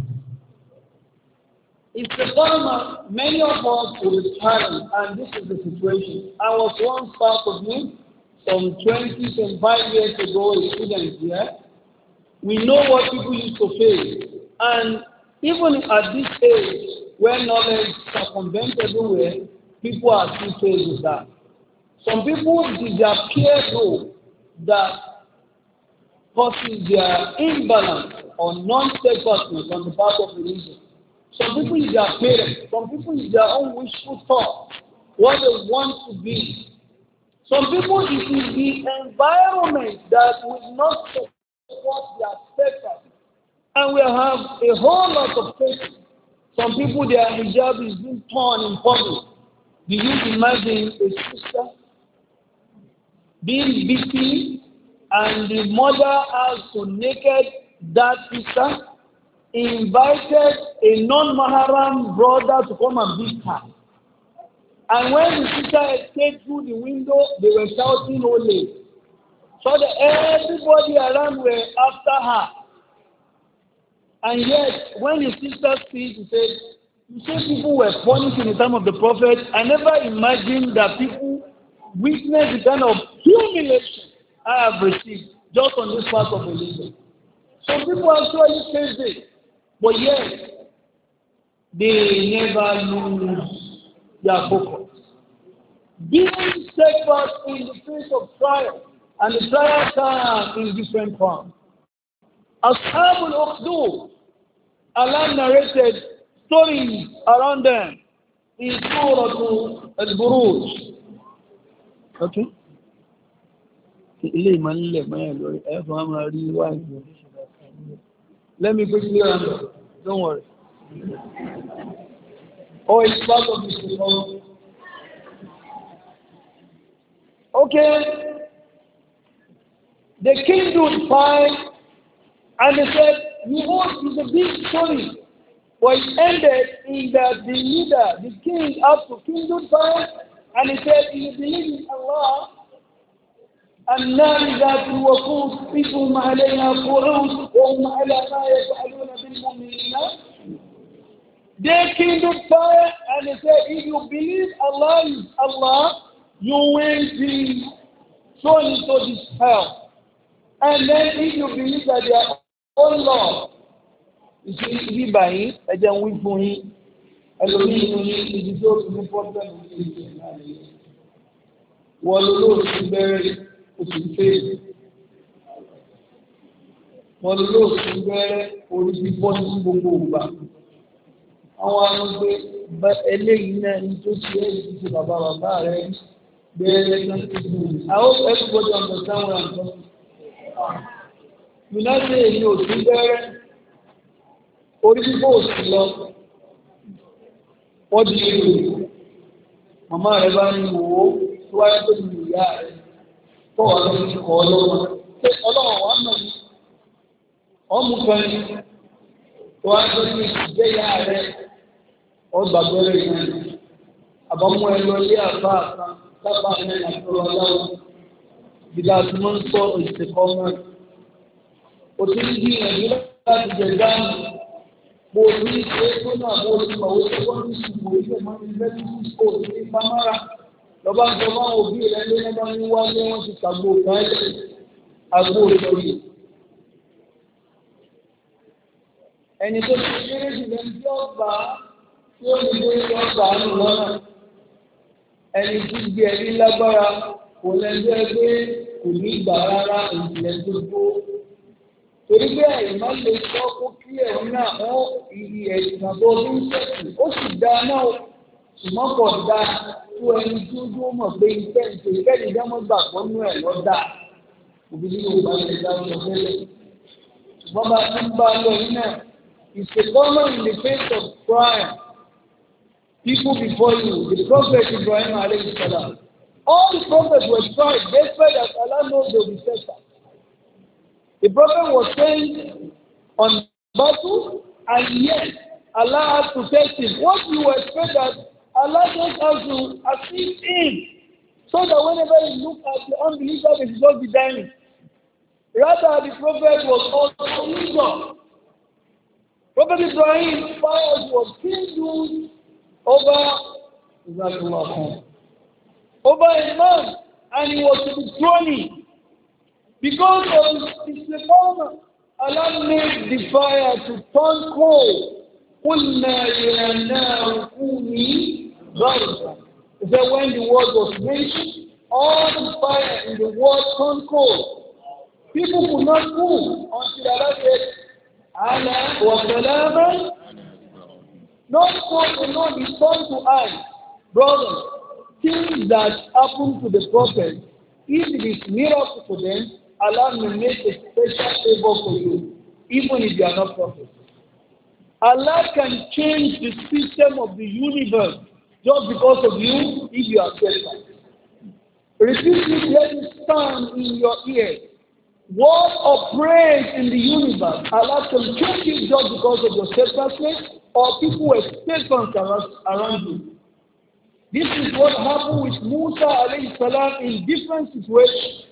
Istiqamah, many of us will challenge, and this is the situation. I was once part of me some 20, 25 years ago, a student here. We know what people used to face. And even at this age, where knowledge circumvents everywhere, people are still faced with that. Some people disappear though that causes their imbalance or non-steadfastness on the part of religion. Some people is their parents, some people is their own wishful thought, what they want to be. Some people it is the environment that will not what they are steadfast. And we have a whole lot of cases. Some people, their hijab is being torn in public. Do you imagine a sister being beaten and the mother has to naked that sister? Invited a non-Maharam brother to come and beat her. And when the sister escaped through the window, they were shouting, Ole so that everybody around were after her. And yet, when his sister speaks, he said, You say people were punished in the time of the prophet. I never imagined that people witness the kind of humiliation I have received just on this part of the religion. So people actually face it, but yet they never lose their focus. Being steadfast in the face of trial And the prayer comes in different forms. Ashabul Uqdu, Allah narrated stories around them in Surah Al-Buruj. Okay? let me quickly on don't worry oh it's part of this okay They kindled fire and they said, Behold, is a big story. But it ended in that the leader, the king, after kindled fire and he said, You believe in Allah. and النار ذات الوقود بهم عليها قعود وهم على ما يفعلون بالمؤمنين They kindled fire and they said, if you believe Allah is Allah, you will be thrown into this hell. And then if you believe that they are all Lord, ìṣe ibi báyìí ẹ̀jẹ̀ ń wí fún yín ẹlòmíì nínú yín ibi tó ti ní pọ́tẹ́mù ní ìṣẹ̀ náà ni wọ́n ló lóòótú bẹ̀rẹ̀ oṣù fèèrè wọ́n ló lóòótú bẹ̀rẹ̀ orí bíbọ́ ní gbogbo ìgbà àwọn arúgbó bá eléyìí náà ní tó ṣe é ti ti bàbá bàbá rẹ̀ bẹ̀rẹ̀ náà ti dùn. I hope everybody understand what I'm talking about. United èyí ò sí gbẹ́rẹ́, orí fífò ò sí lọ, wọ́n di èrò. Màmá rẹ̀ bá ń wò ó tó wáyé tó ní ìyá rẹ̀ tó wà lórí ikọ̀ ọlọ́wọ́. Ṣé ọlọ́wọ́ wà nà ní? Ọmú kan ní tó wáyé tó ìjẹ́ ìyá rẹ̀ ìlà tí wọ́n ń sọ ìsìnkọ́ mọ́ ẹ̀. o ti ń gbìyànjú láti jẹ dáhùn mo ti ń ṣe é tó náà mo ti mọ̀ wípé wọ́n ti ṣùgbọ́ ilé mọ́ ní lẹ́tí kò ní pamara lọ́ba ń sọ fún àwọn òbí rẹ̀ lé lọ́ba ń wáyé wọ́n ti tàgbó kan ẹ̀ àgbo òṣèlú. ẹni tó ti kéré jù lẹ́nu tí ọgbà tí ó ti gbé ọgbà nù lọ́nà ẹni tí gbé ẹni lágbára kò lẹ́jọ́ pé kò ní ìgbà rárá ìjìnlẹ̀ gbogbo torí pé àìmọ́ lè sọ kó kí ẹ̀ náà ó iye ẹ̀sìn tó ní sẹ́sì ó sì dá náà ṣùgbọ́n kò dá tó ẹni tí ó dúró mọ̀ pé iṣẹ́ ìṣe ìkẹ́ni dámọ́ gbà pọ̀ nú ẹ̀ lọ́dà òbí ní yorùbá lè dá sọ fẹ́lẹ̀ ṣùgbọ́n bá ti bá lọ yín náà is a common in the face of crime people before you the prophet Ibrahim alayhi salam. All the prophets were trying. They said that Allah knows the deception. The prophet was saying on battle, and yet Allah has to test him. What you expect that Allah just has to assist him so that whenever he look at the unbeliever, they should not be dying. Rather, the prophet was also wisdom. Prophet Ibrahim, fires was kindled over the Zatul over a man and he was withdrawn because of his performance. Allah made the fire to turn cold. قلنا يا نار كوني when the word was mentioned, all the fire in the world turned cold. People could not move until Allah said, Allah the salama. Not cold will not be turned to ice. Brothers, things that happen to the prophet, if it is miracle for them, Allah may make a special favor for you, even if you are not prophet. Allah can change the system of the universe just because of you if you are steadfast. Repeat this let it sound in your ears. Word of praise in the universe. Allah can change it just because of your steadfastness or people who are steadfast around you. This is what happened with Musa alayhi salam in different situations.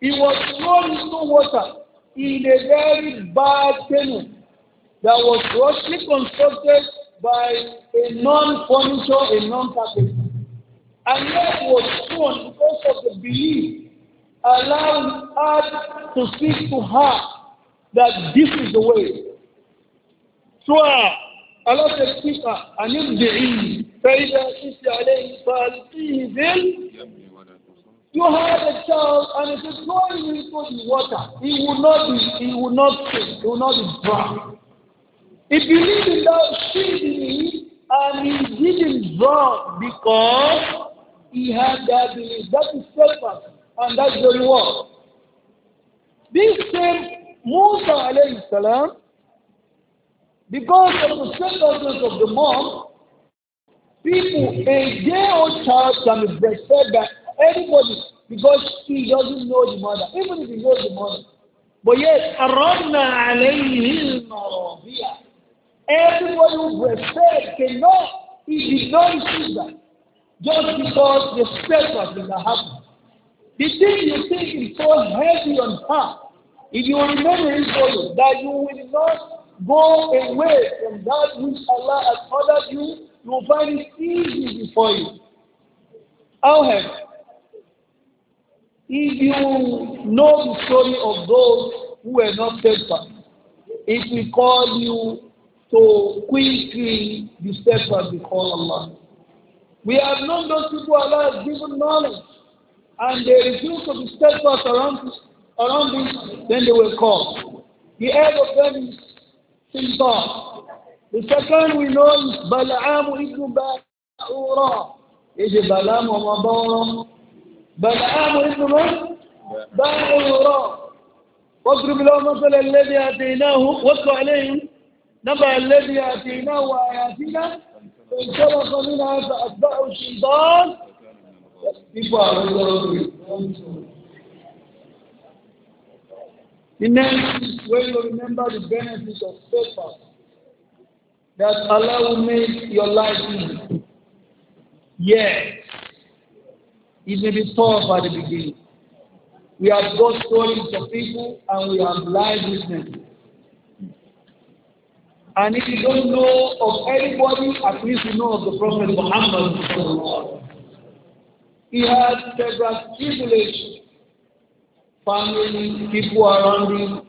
He was thrown into water in a very bad canoe that was roughly constructed by a non-furniture, a non-carpenter. And yet was thrown because of the belief, allowing us to speak to her that this is the way. So Allah said, Keep her, and if the فإذا خفت عليه فألقيه في You have a child and it is going into the water. He will not be, he will not he will not be drowned. If you live him down swimming and he didn't drown because he had that belief, that is steadfast and that's the reward. This same Musa alayhi because of the steadfastness of the mom, people a day old child can be breastfed by anybody because he doesn't know the mother even if he knows the mother but yet arana alayhi norobiya everybody who breastfed cannot he did not receive that just because the spirit was in the happening the thing you think is so heavy on her if you remember his word that you will not go away from that which Allah has ordered you you will find it easy before you. However, if you know the story of those who were not steadfast, it will call you to quickly be steadfast before Allah. We have known those people Allah has given knowledge, and they refuse to be steadfast around, around this, then they will call. The head of them is Sintar, ìkẹ́kẹ́rù iná bàlámù ibnu bàúrà èdè bàlámù ọmọ bọ́ọ̀rọ̀ bàlámù ibnu bàúrà واضرب لهم مثل الذي اتيناه واتل عليهم نبأ الذي اتيناه اياتنا فانسلخ منها فاتبعه الشيطان In next, when you remember the benefits of steadfast that Allah will make your life easy. Yes, it may be tough at the beginning. We have God's stories for people and we have live witnesses. And if you don't know of anybody, at least you know of the Prophet Muhammad. He had several tribulations, family, people around him,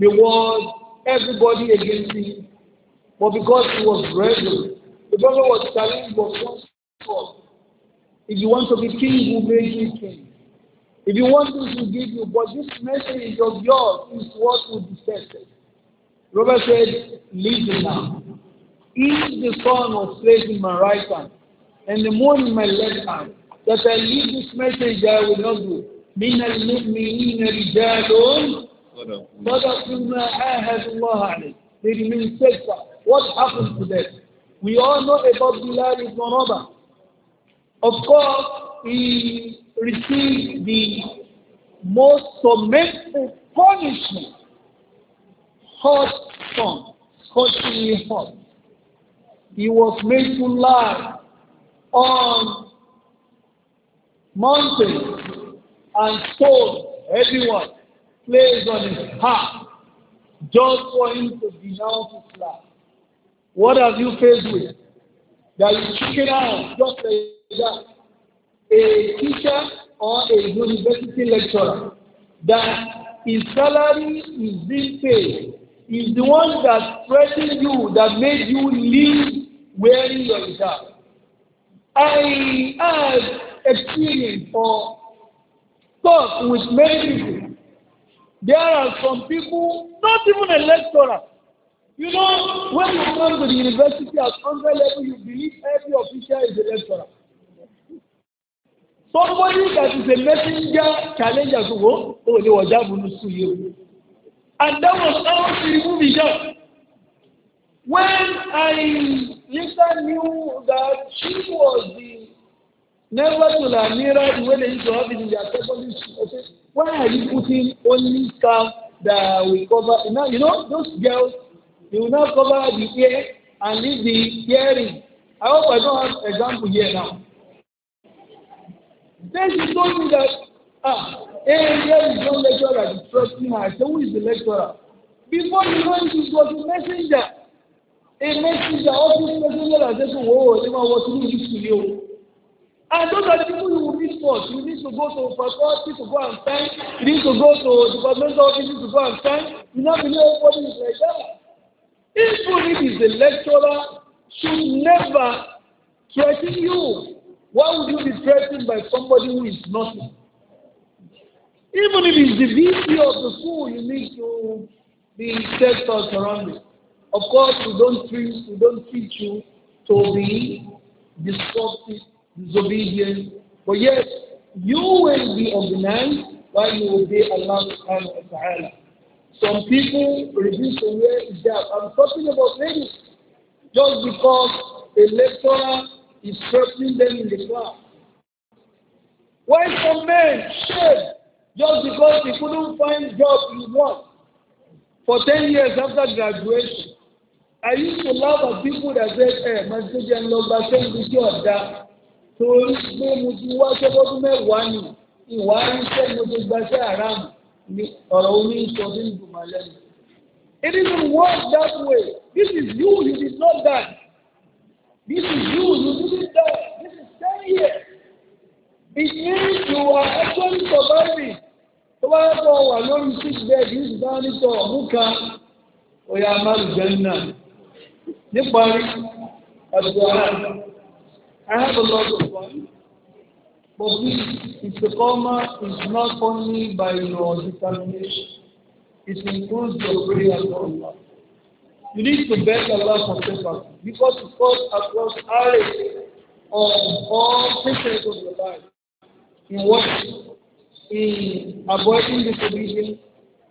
the world, everybody against him but because he was ready, The brother was telling him, was one If you want to be king, we make you king. If you want things, we give you. But this message of yours is what will be tested. Robert said, Leave now. Eat the sun was placed in my right hand and the moon in my left hand, that I leave this message I will not do. من المؤمنين رجال صدقوا ما عاهدوا الله عليه. They remain steadfast. What happened to them? We all know about Bilal ibn Rabah. Of course, he received the most tormenting punishment. Hot sun, scorchingly hot. He was made to lie on mountains and stone, everyone placed on his heart, just for him to denounce Islam. What have you faced with? That you it out just like that. A teacher or a university lecturer that his salary is being paid is the one that threatened you, that made you leave wearing your job. I have experience or talk with many people. There are some people, not even a lecturer, You know, when you come to the university at 100 level, you believe every official is a lecturer. Somebody that is a messenger challenges to go, oh, oh, they were jabbing to you. And that was how she removed hijab. When I later knew that she was the never to la nearer the way they used to have it in their secondary school, I why are you putting only stuff that we cover? Now, you know, those girls you now cover the ear and leave the hearing. I hope I don't have example here now. Then she told me that ah, hey, there is one lecturer distracting her. I said, who is the lecturer? Before you know it, it was a messenger. A messenger, office messenger that said, whoa, they were watching this to And I are that people you will meet first. You need to go to faculty to go and sign. You need to go to departmental offices to go and sign. You not believe everybody is like that. Even if he's a lecturer, should never threaten you. Why would you be threatened by somebody who is nothing? Even if it's the VP of the school, you need to be careful around it. Of course, we don't teach, we don't teach you to be disruptive, disobedient. But yes, you will be organized while you obey Allah subhanahu wa ta'ala. Some people refuse to wear hijab. I'm talking about ladies. Just because a lecturer is threatening them in the class. Why some men shave just because they couldn't find job in want for ten years after graduation? I used to laugh at people that said, "Ẹ máa ṣe jẹ́ lọ́gbà sẹ́yìn lójú ọ̀dà torí pé mo ti wá sẹ́fọ́dún mẹ́wàá ni ìwà ń sẹ́yìn mo ti gbaṣẹ́ àràmù." ọ̀rọ̀ omi ń sọ nínú ìgbìmọ̀ lẹ́nu. It even work that way. This is you, you did not die. This is you, you didn't die. This is ten years. It means you are actually surviving. Tó bá yẹ kó wà lórí six bed yìí sì dáhùn nítọ̀ ọ̀hún kan, ó yà má lù jẹ́ nínà. Níparí, ẹ̀sùn ọ̀hún. I have a lot of fun. published istiqamah is not only by your determination, it includes your prayer to Allah. You need to beg Allah for favor because it goes across all of all facets of your life. In what? In avoiding disobedience,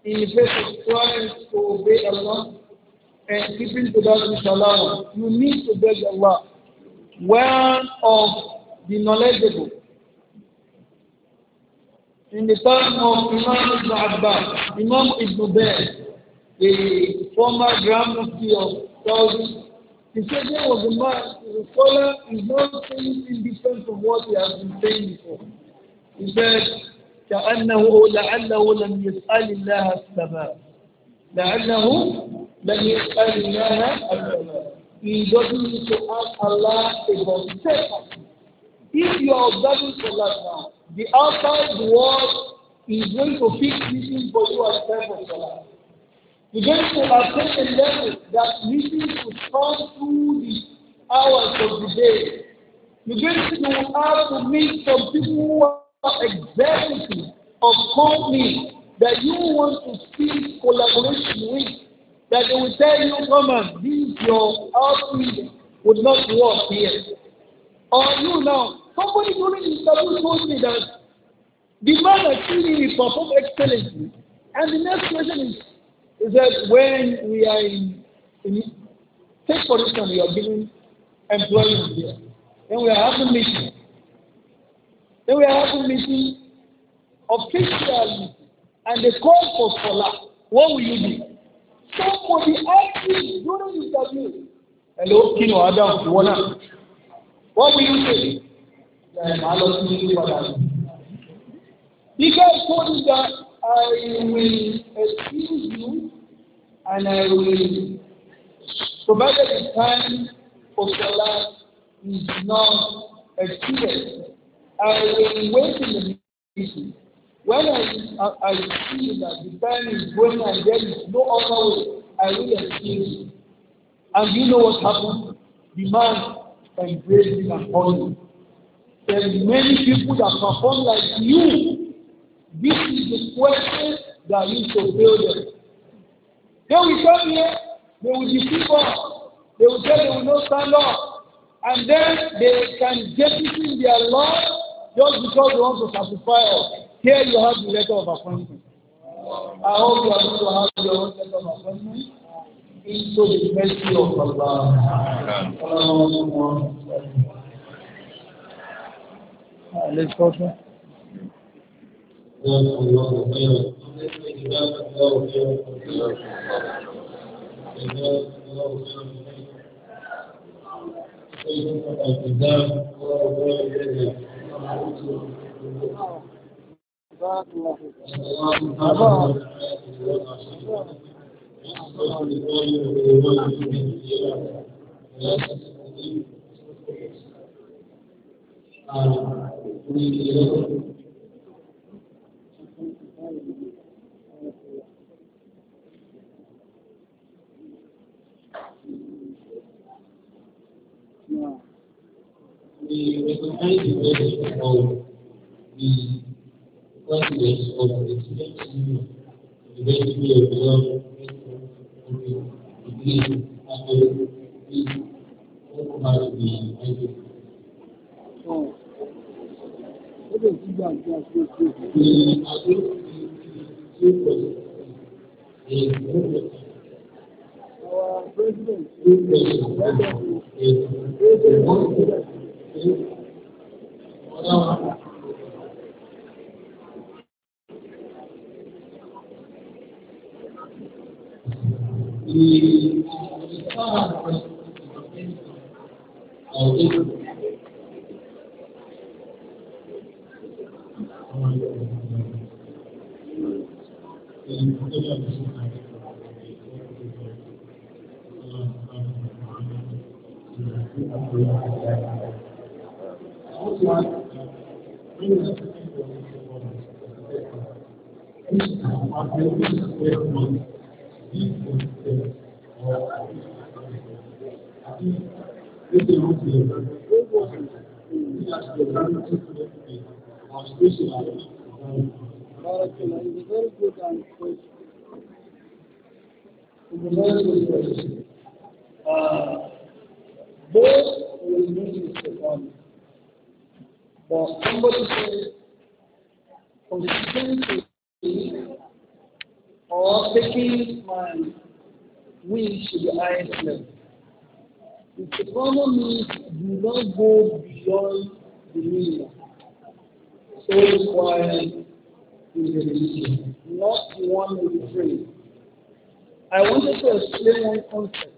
in the face of trying to obey Allah, and keeping to that which Allah You need to beg Allah. One of the knowledgeable in the time of Imam Ibn Abbas, Imam Ibn Bair, the former Grand Mufti of Saudi, he said there was a man, the scholar is not saying indifferent from what he has been saying before. He said, كأنه لعله لم يسأل الله السماء لعله لم يسأل الله السماء He doesn't need to ask Allah about sex. If you are observing Salah now, the outside world is going to fix meeting for you as time for Salah. You're going to attain a level that needs to come through the hours of the day. You're going to have to meet some people who are executives of companies that you want to see collaboration with. That they will tell you, come and this your outfit would not work here. Or you now, Somebody during the interview told me that the man that performed excellently. And the next question is, is that when we are in, in take for instance, we are giving employees here, then we are having meeting. Then we are having meeting officially, and they call for Salah. What will you do? Somebody asked me during the interview, hello, Kino Adam, What will you say? màá lọ sí ilé padà that I will excuse you and I will provide the time for Salah is not exceeded. I will wait in the meeting. When I, I, I see that the time is going and there is no other way, I will excuse you. And you know what happened? The man embraced and called There are many people that perform like you. This is the question that you should fail them. They will come here, they will deceive us, they will say they will not stand up, and then they can get in their law just because they want to satisfy us. Here you have the letter of appointment. I hope you are going to have your own letter of appointment into the mercy of Allah. Allah. Alaykoum. Alaykoum. Alaykoum. Alaykoum. Alaykoum. an pou li li yo. Li, li pou kèy di kèy di pou li kèy di kèy di pou li di kèy di si yo li di kèy di si yo li di si yo I think I wanted to explain one concept.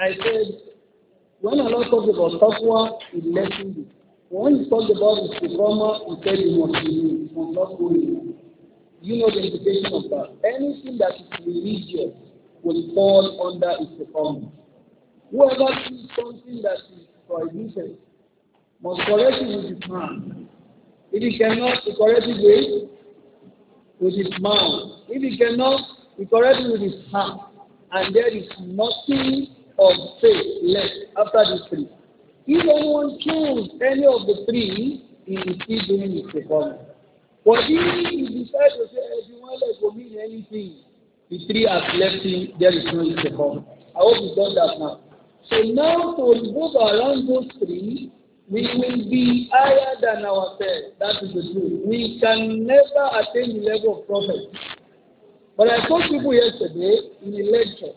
I said, when Allah talks about taqwa, it lessens it. When he talks about istiqama, he said you must believe, you must not go You know the implication of that. Anything that is religious will fall under istiqama. Whoever sees something that is prohibited must correct it with his mind. If he cannot correct it with his mouth, if he cannot it already will his hand, And there is nothing of faith left after these three. If anyone kills any of the three, he is still doing his performance. But if he decides to say, everyone that will mean anything, the three have left him, there is no his performance. I hope you've done that now. So now to revolve around those three, we will be higher than ourselves. That is the truth. We can never attain the level of prophet But I told people yesterday in a lecture,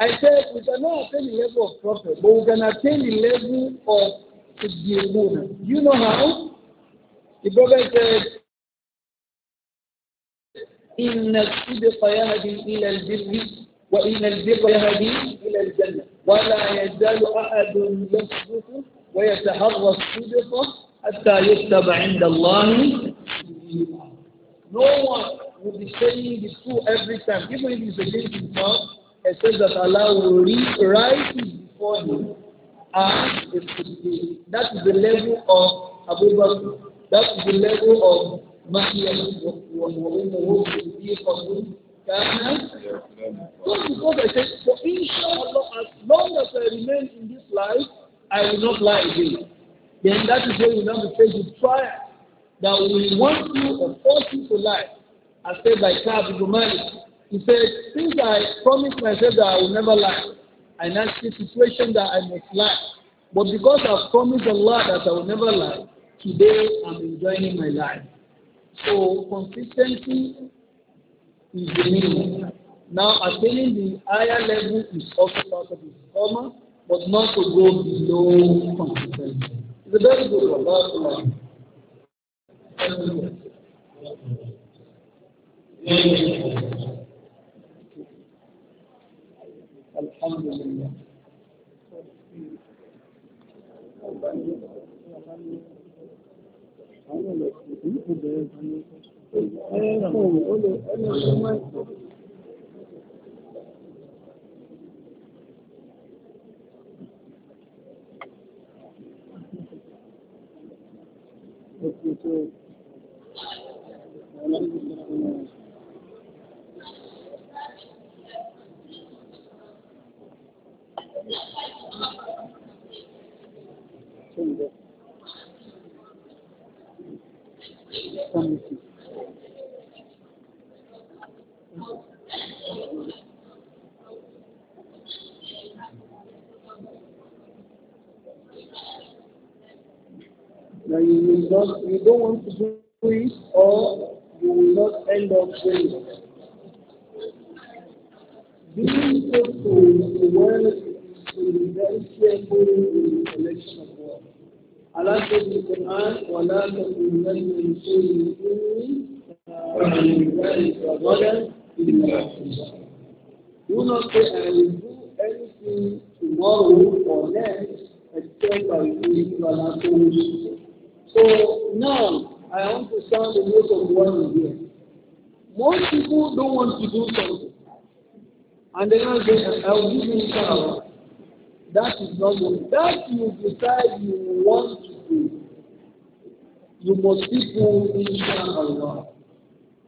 I said we cannot attain the level of prophet, but we can attain the level of the Siddiqun. You know how? The prophet said, إن الصدق يهدي إلى البر وإن البر يهدي إلى الجنة ولا يزال أحد يصدق ويتحرى الصدق حتى يكتب عند الله No one will be saying the true every time. Even if he's against himself, it says that Allah will rewrite it before him as That is the level of Abu Bakr. That is the level of Maryam وأمه صديقة كان Just because I said, for inshallah, as long as I remain in this life, I will not lie again. Then that is where you now to face with trial that will want you or force you to lie. I said by Kab Malik. He said, since I promised myself that I will never lie, I now see situation that I must lie. But because I've promised Allah that I will never lie, today I'm enjoying my life. So consistency is the meaning. Now attaining the higher level is also part of the former, but not to go below consistency. It's a very good one. الحمد لله Thank you. don't want to do something, and then I say, I'll give you power. That is not good. That you decide you want to do. You must be people inshallah.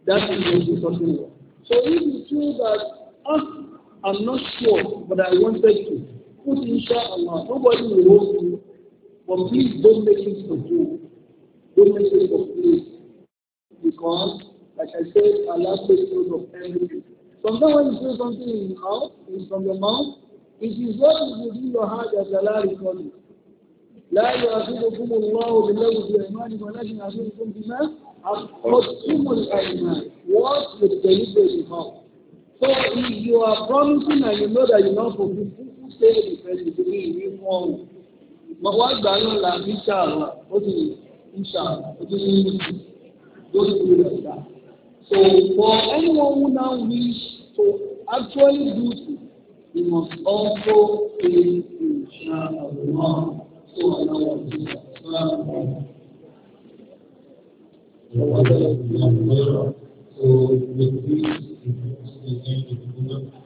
That is what you're So if you feel that ah, I'm not sure, but I wanted to, put inshallah. Nobody will hold you. But please don't make it for you. Don't make it for free. Because Like I said, Allah takes note of everything. Sometimes when you say something in your mouth, it's from your mouth, it is what is within your heart that Allah is records. لا يؤاخذكم الله باللغو في أيمانكم ولكن يؤاخذكم بما عقدتم الأيمان. What you deliver in mouth. So if you are promising and you know that you know not forgive, who say the person to be in you wrong. But what Bayon Lam, inshallah, what is it? Inshallah, what is it? Don't do like that. So for anyone who now wishes to actually do this, he must also pay in share of the money So Allah will be satisfied. So with this, it comes to the end of the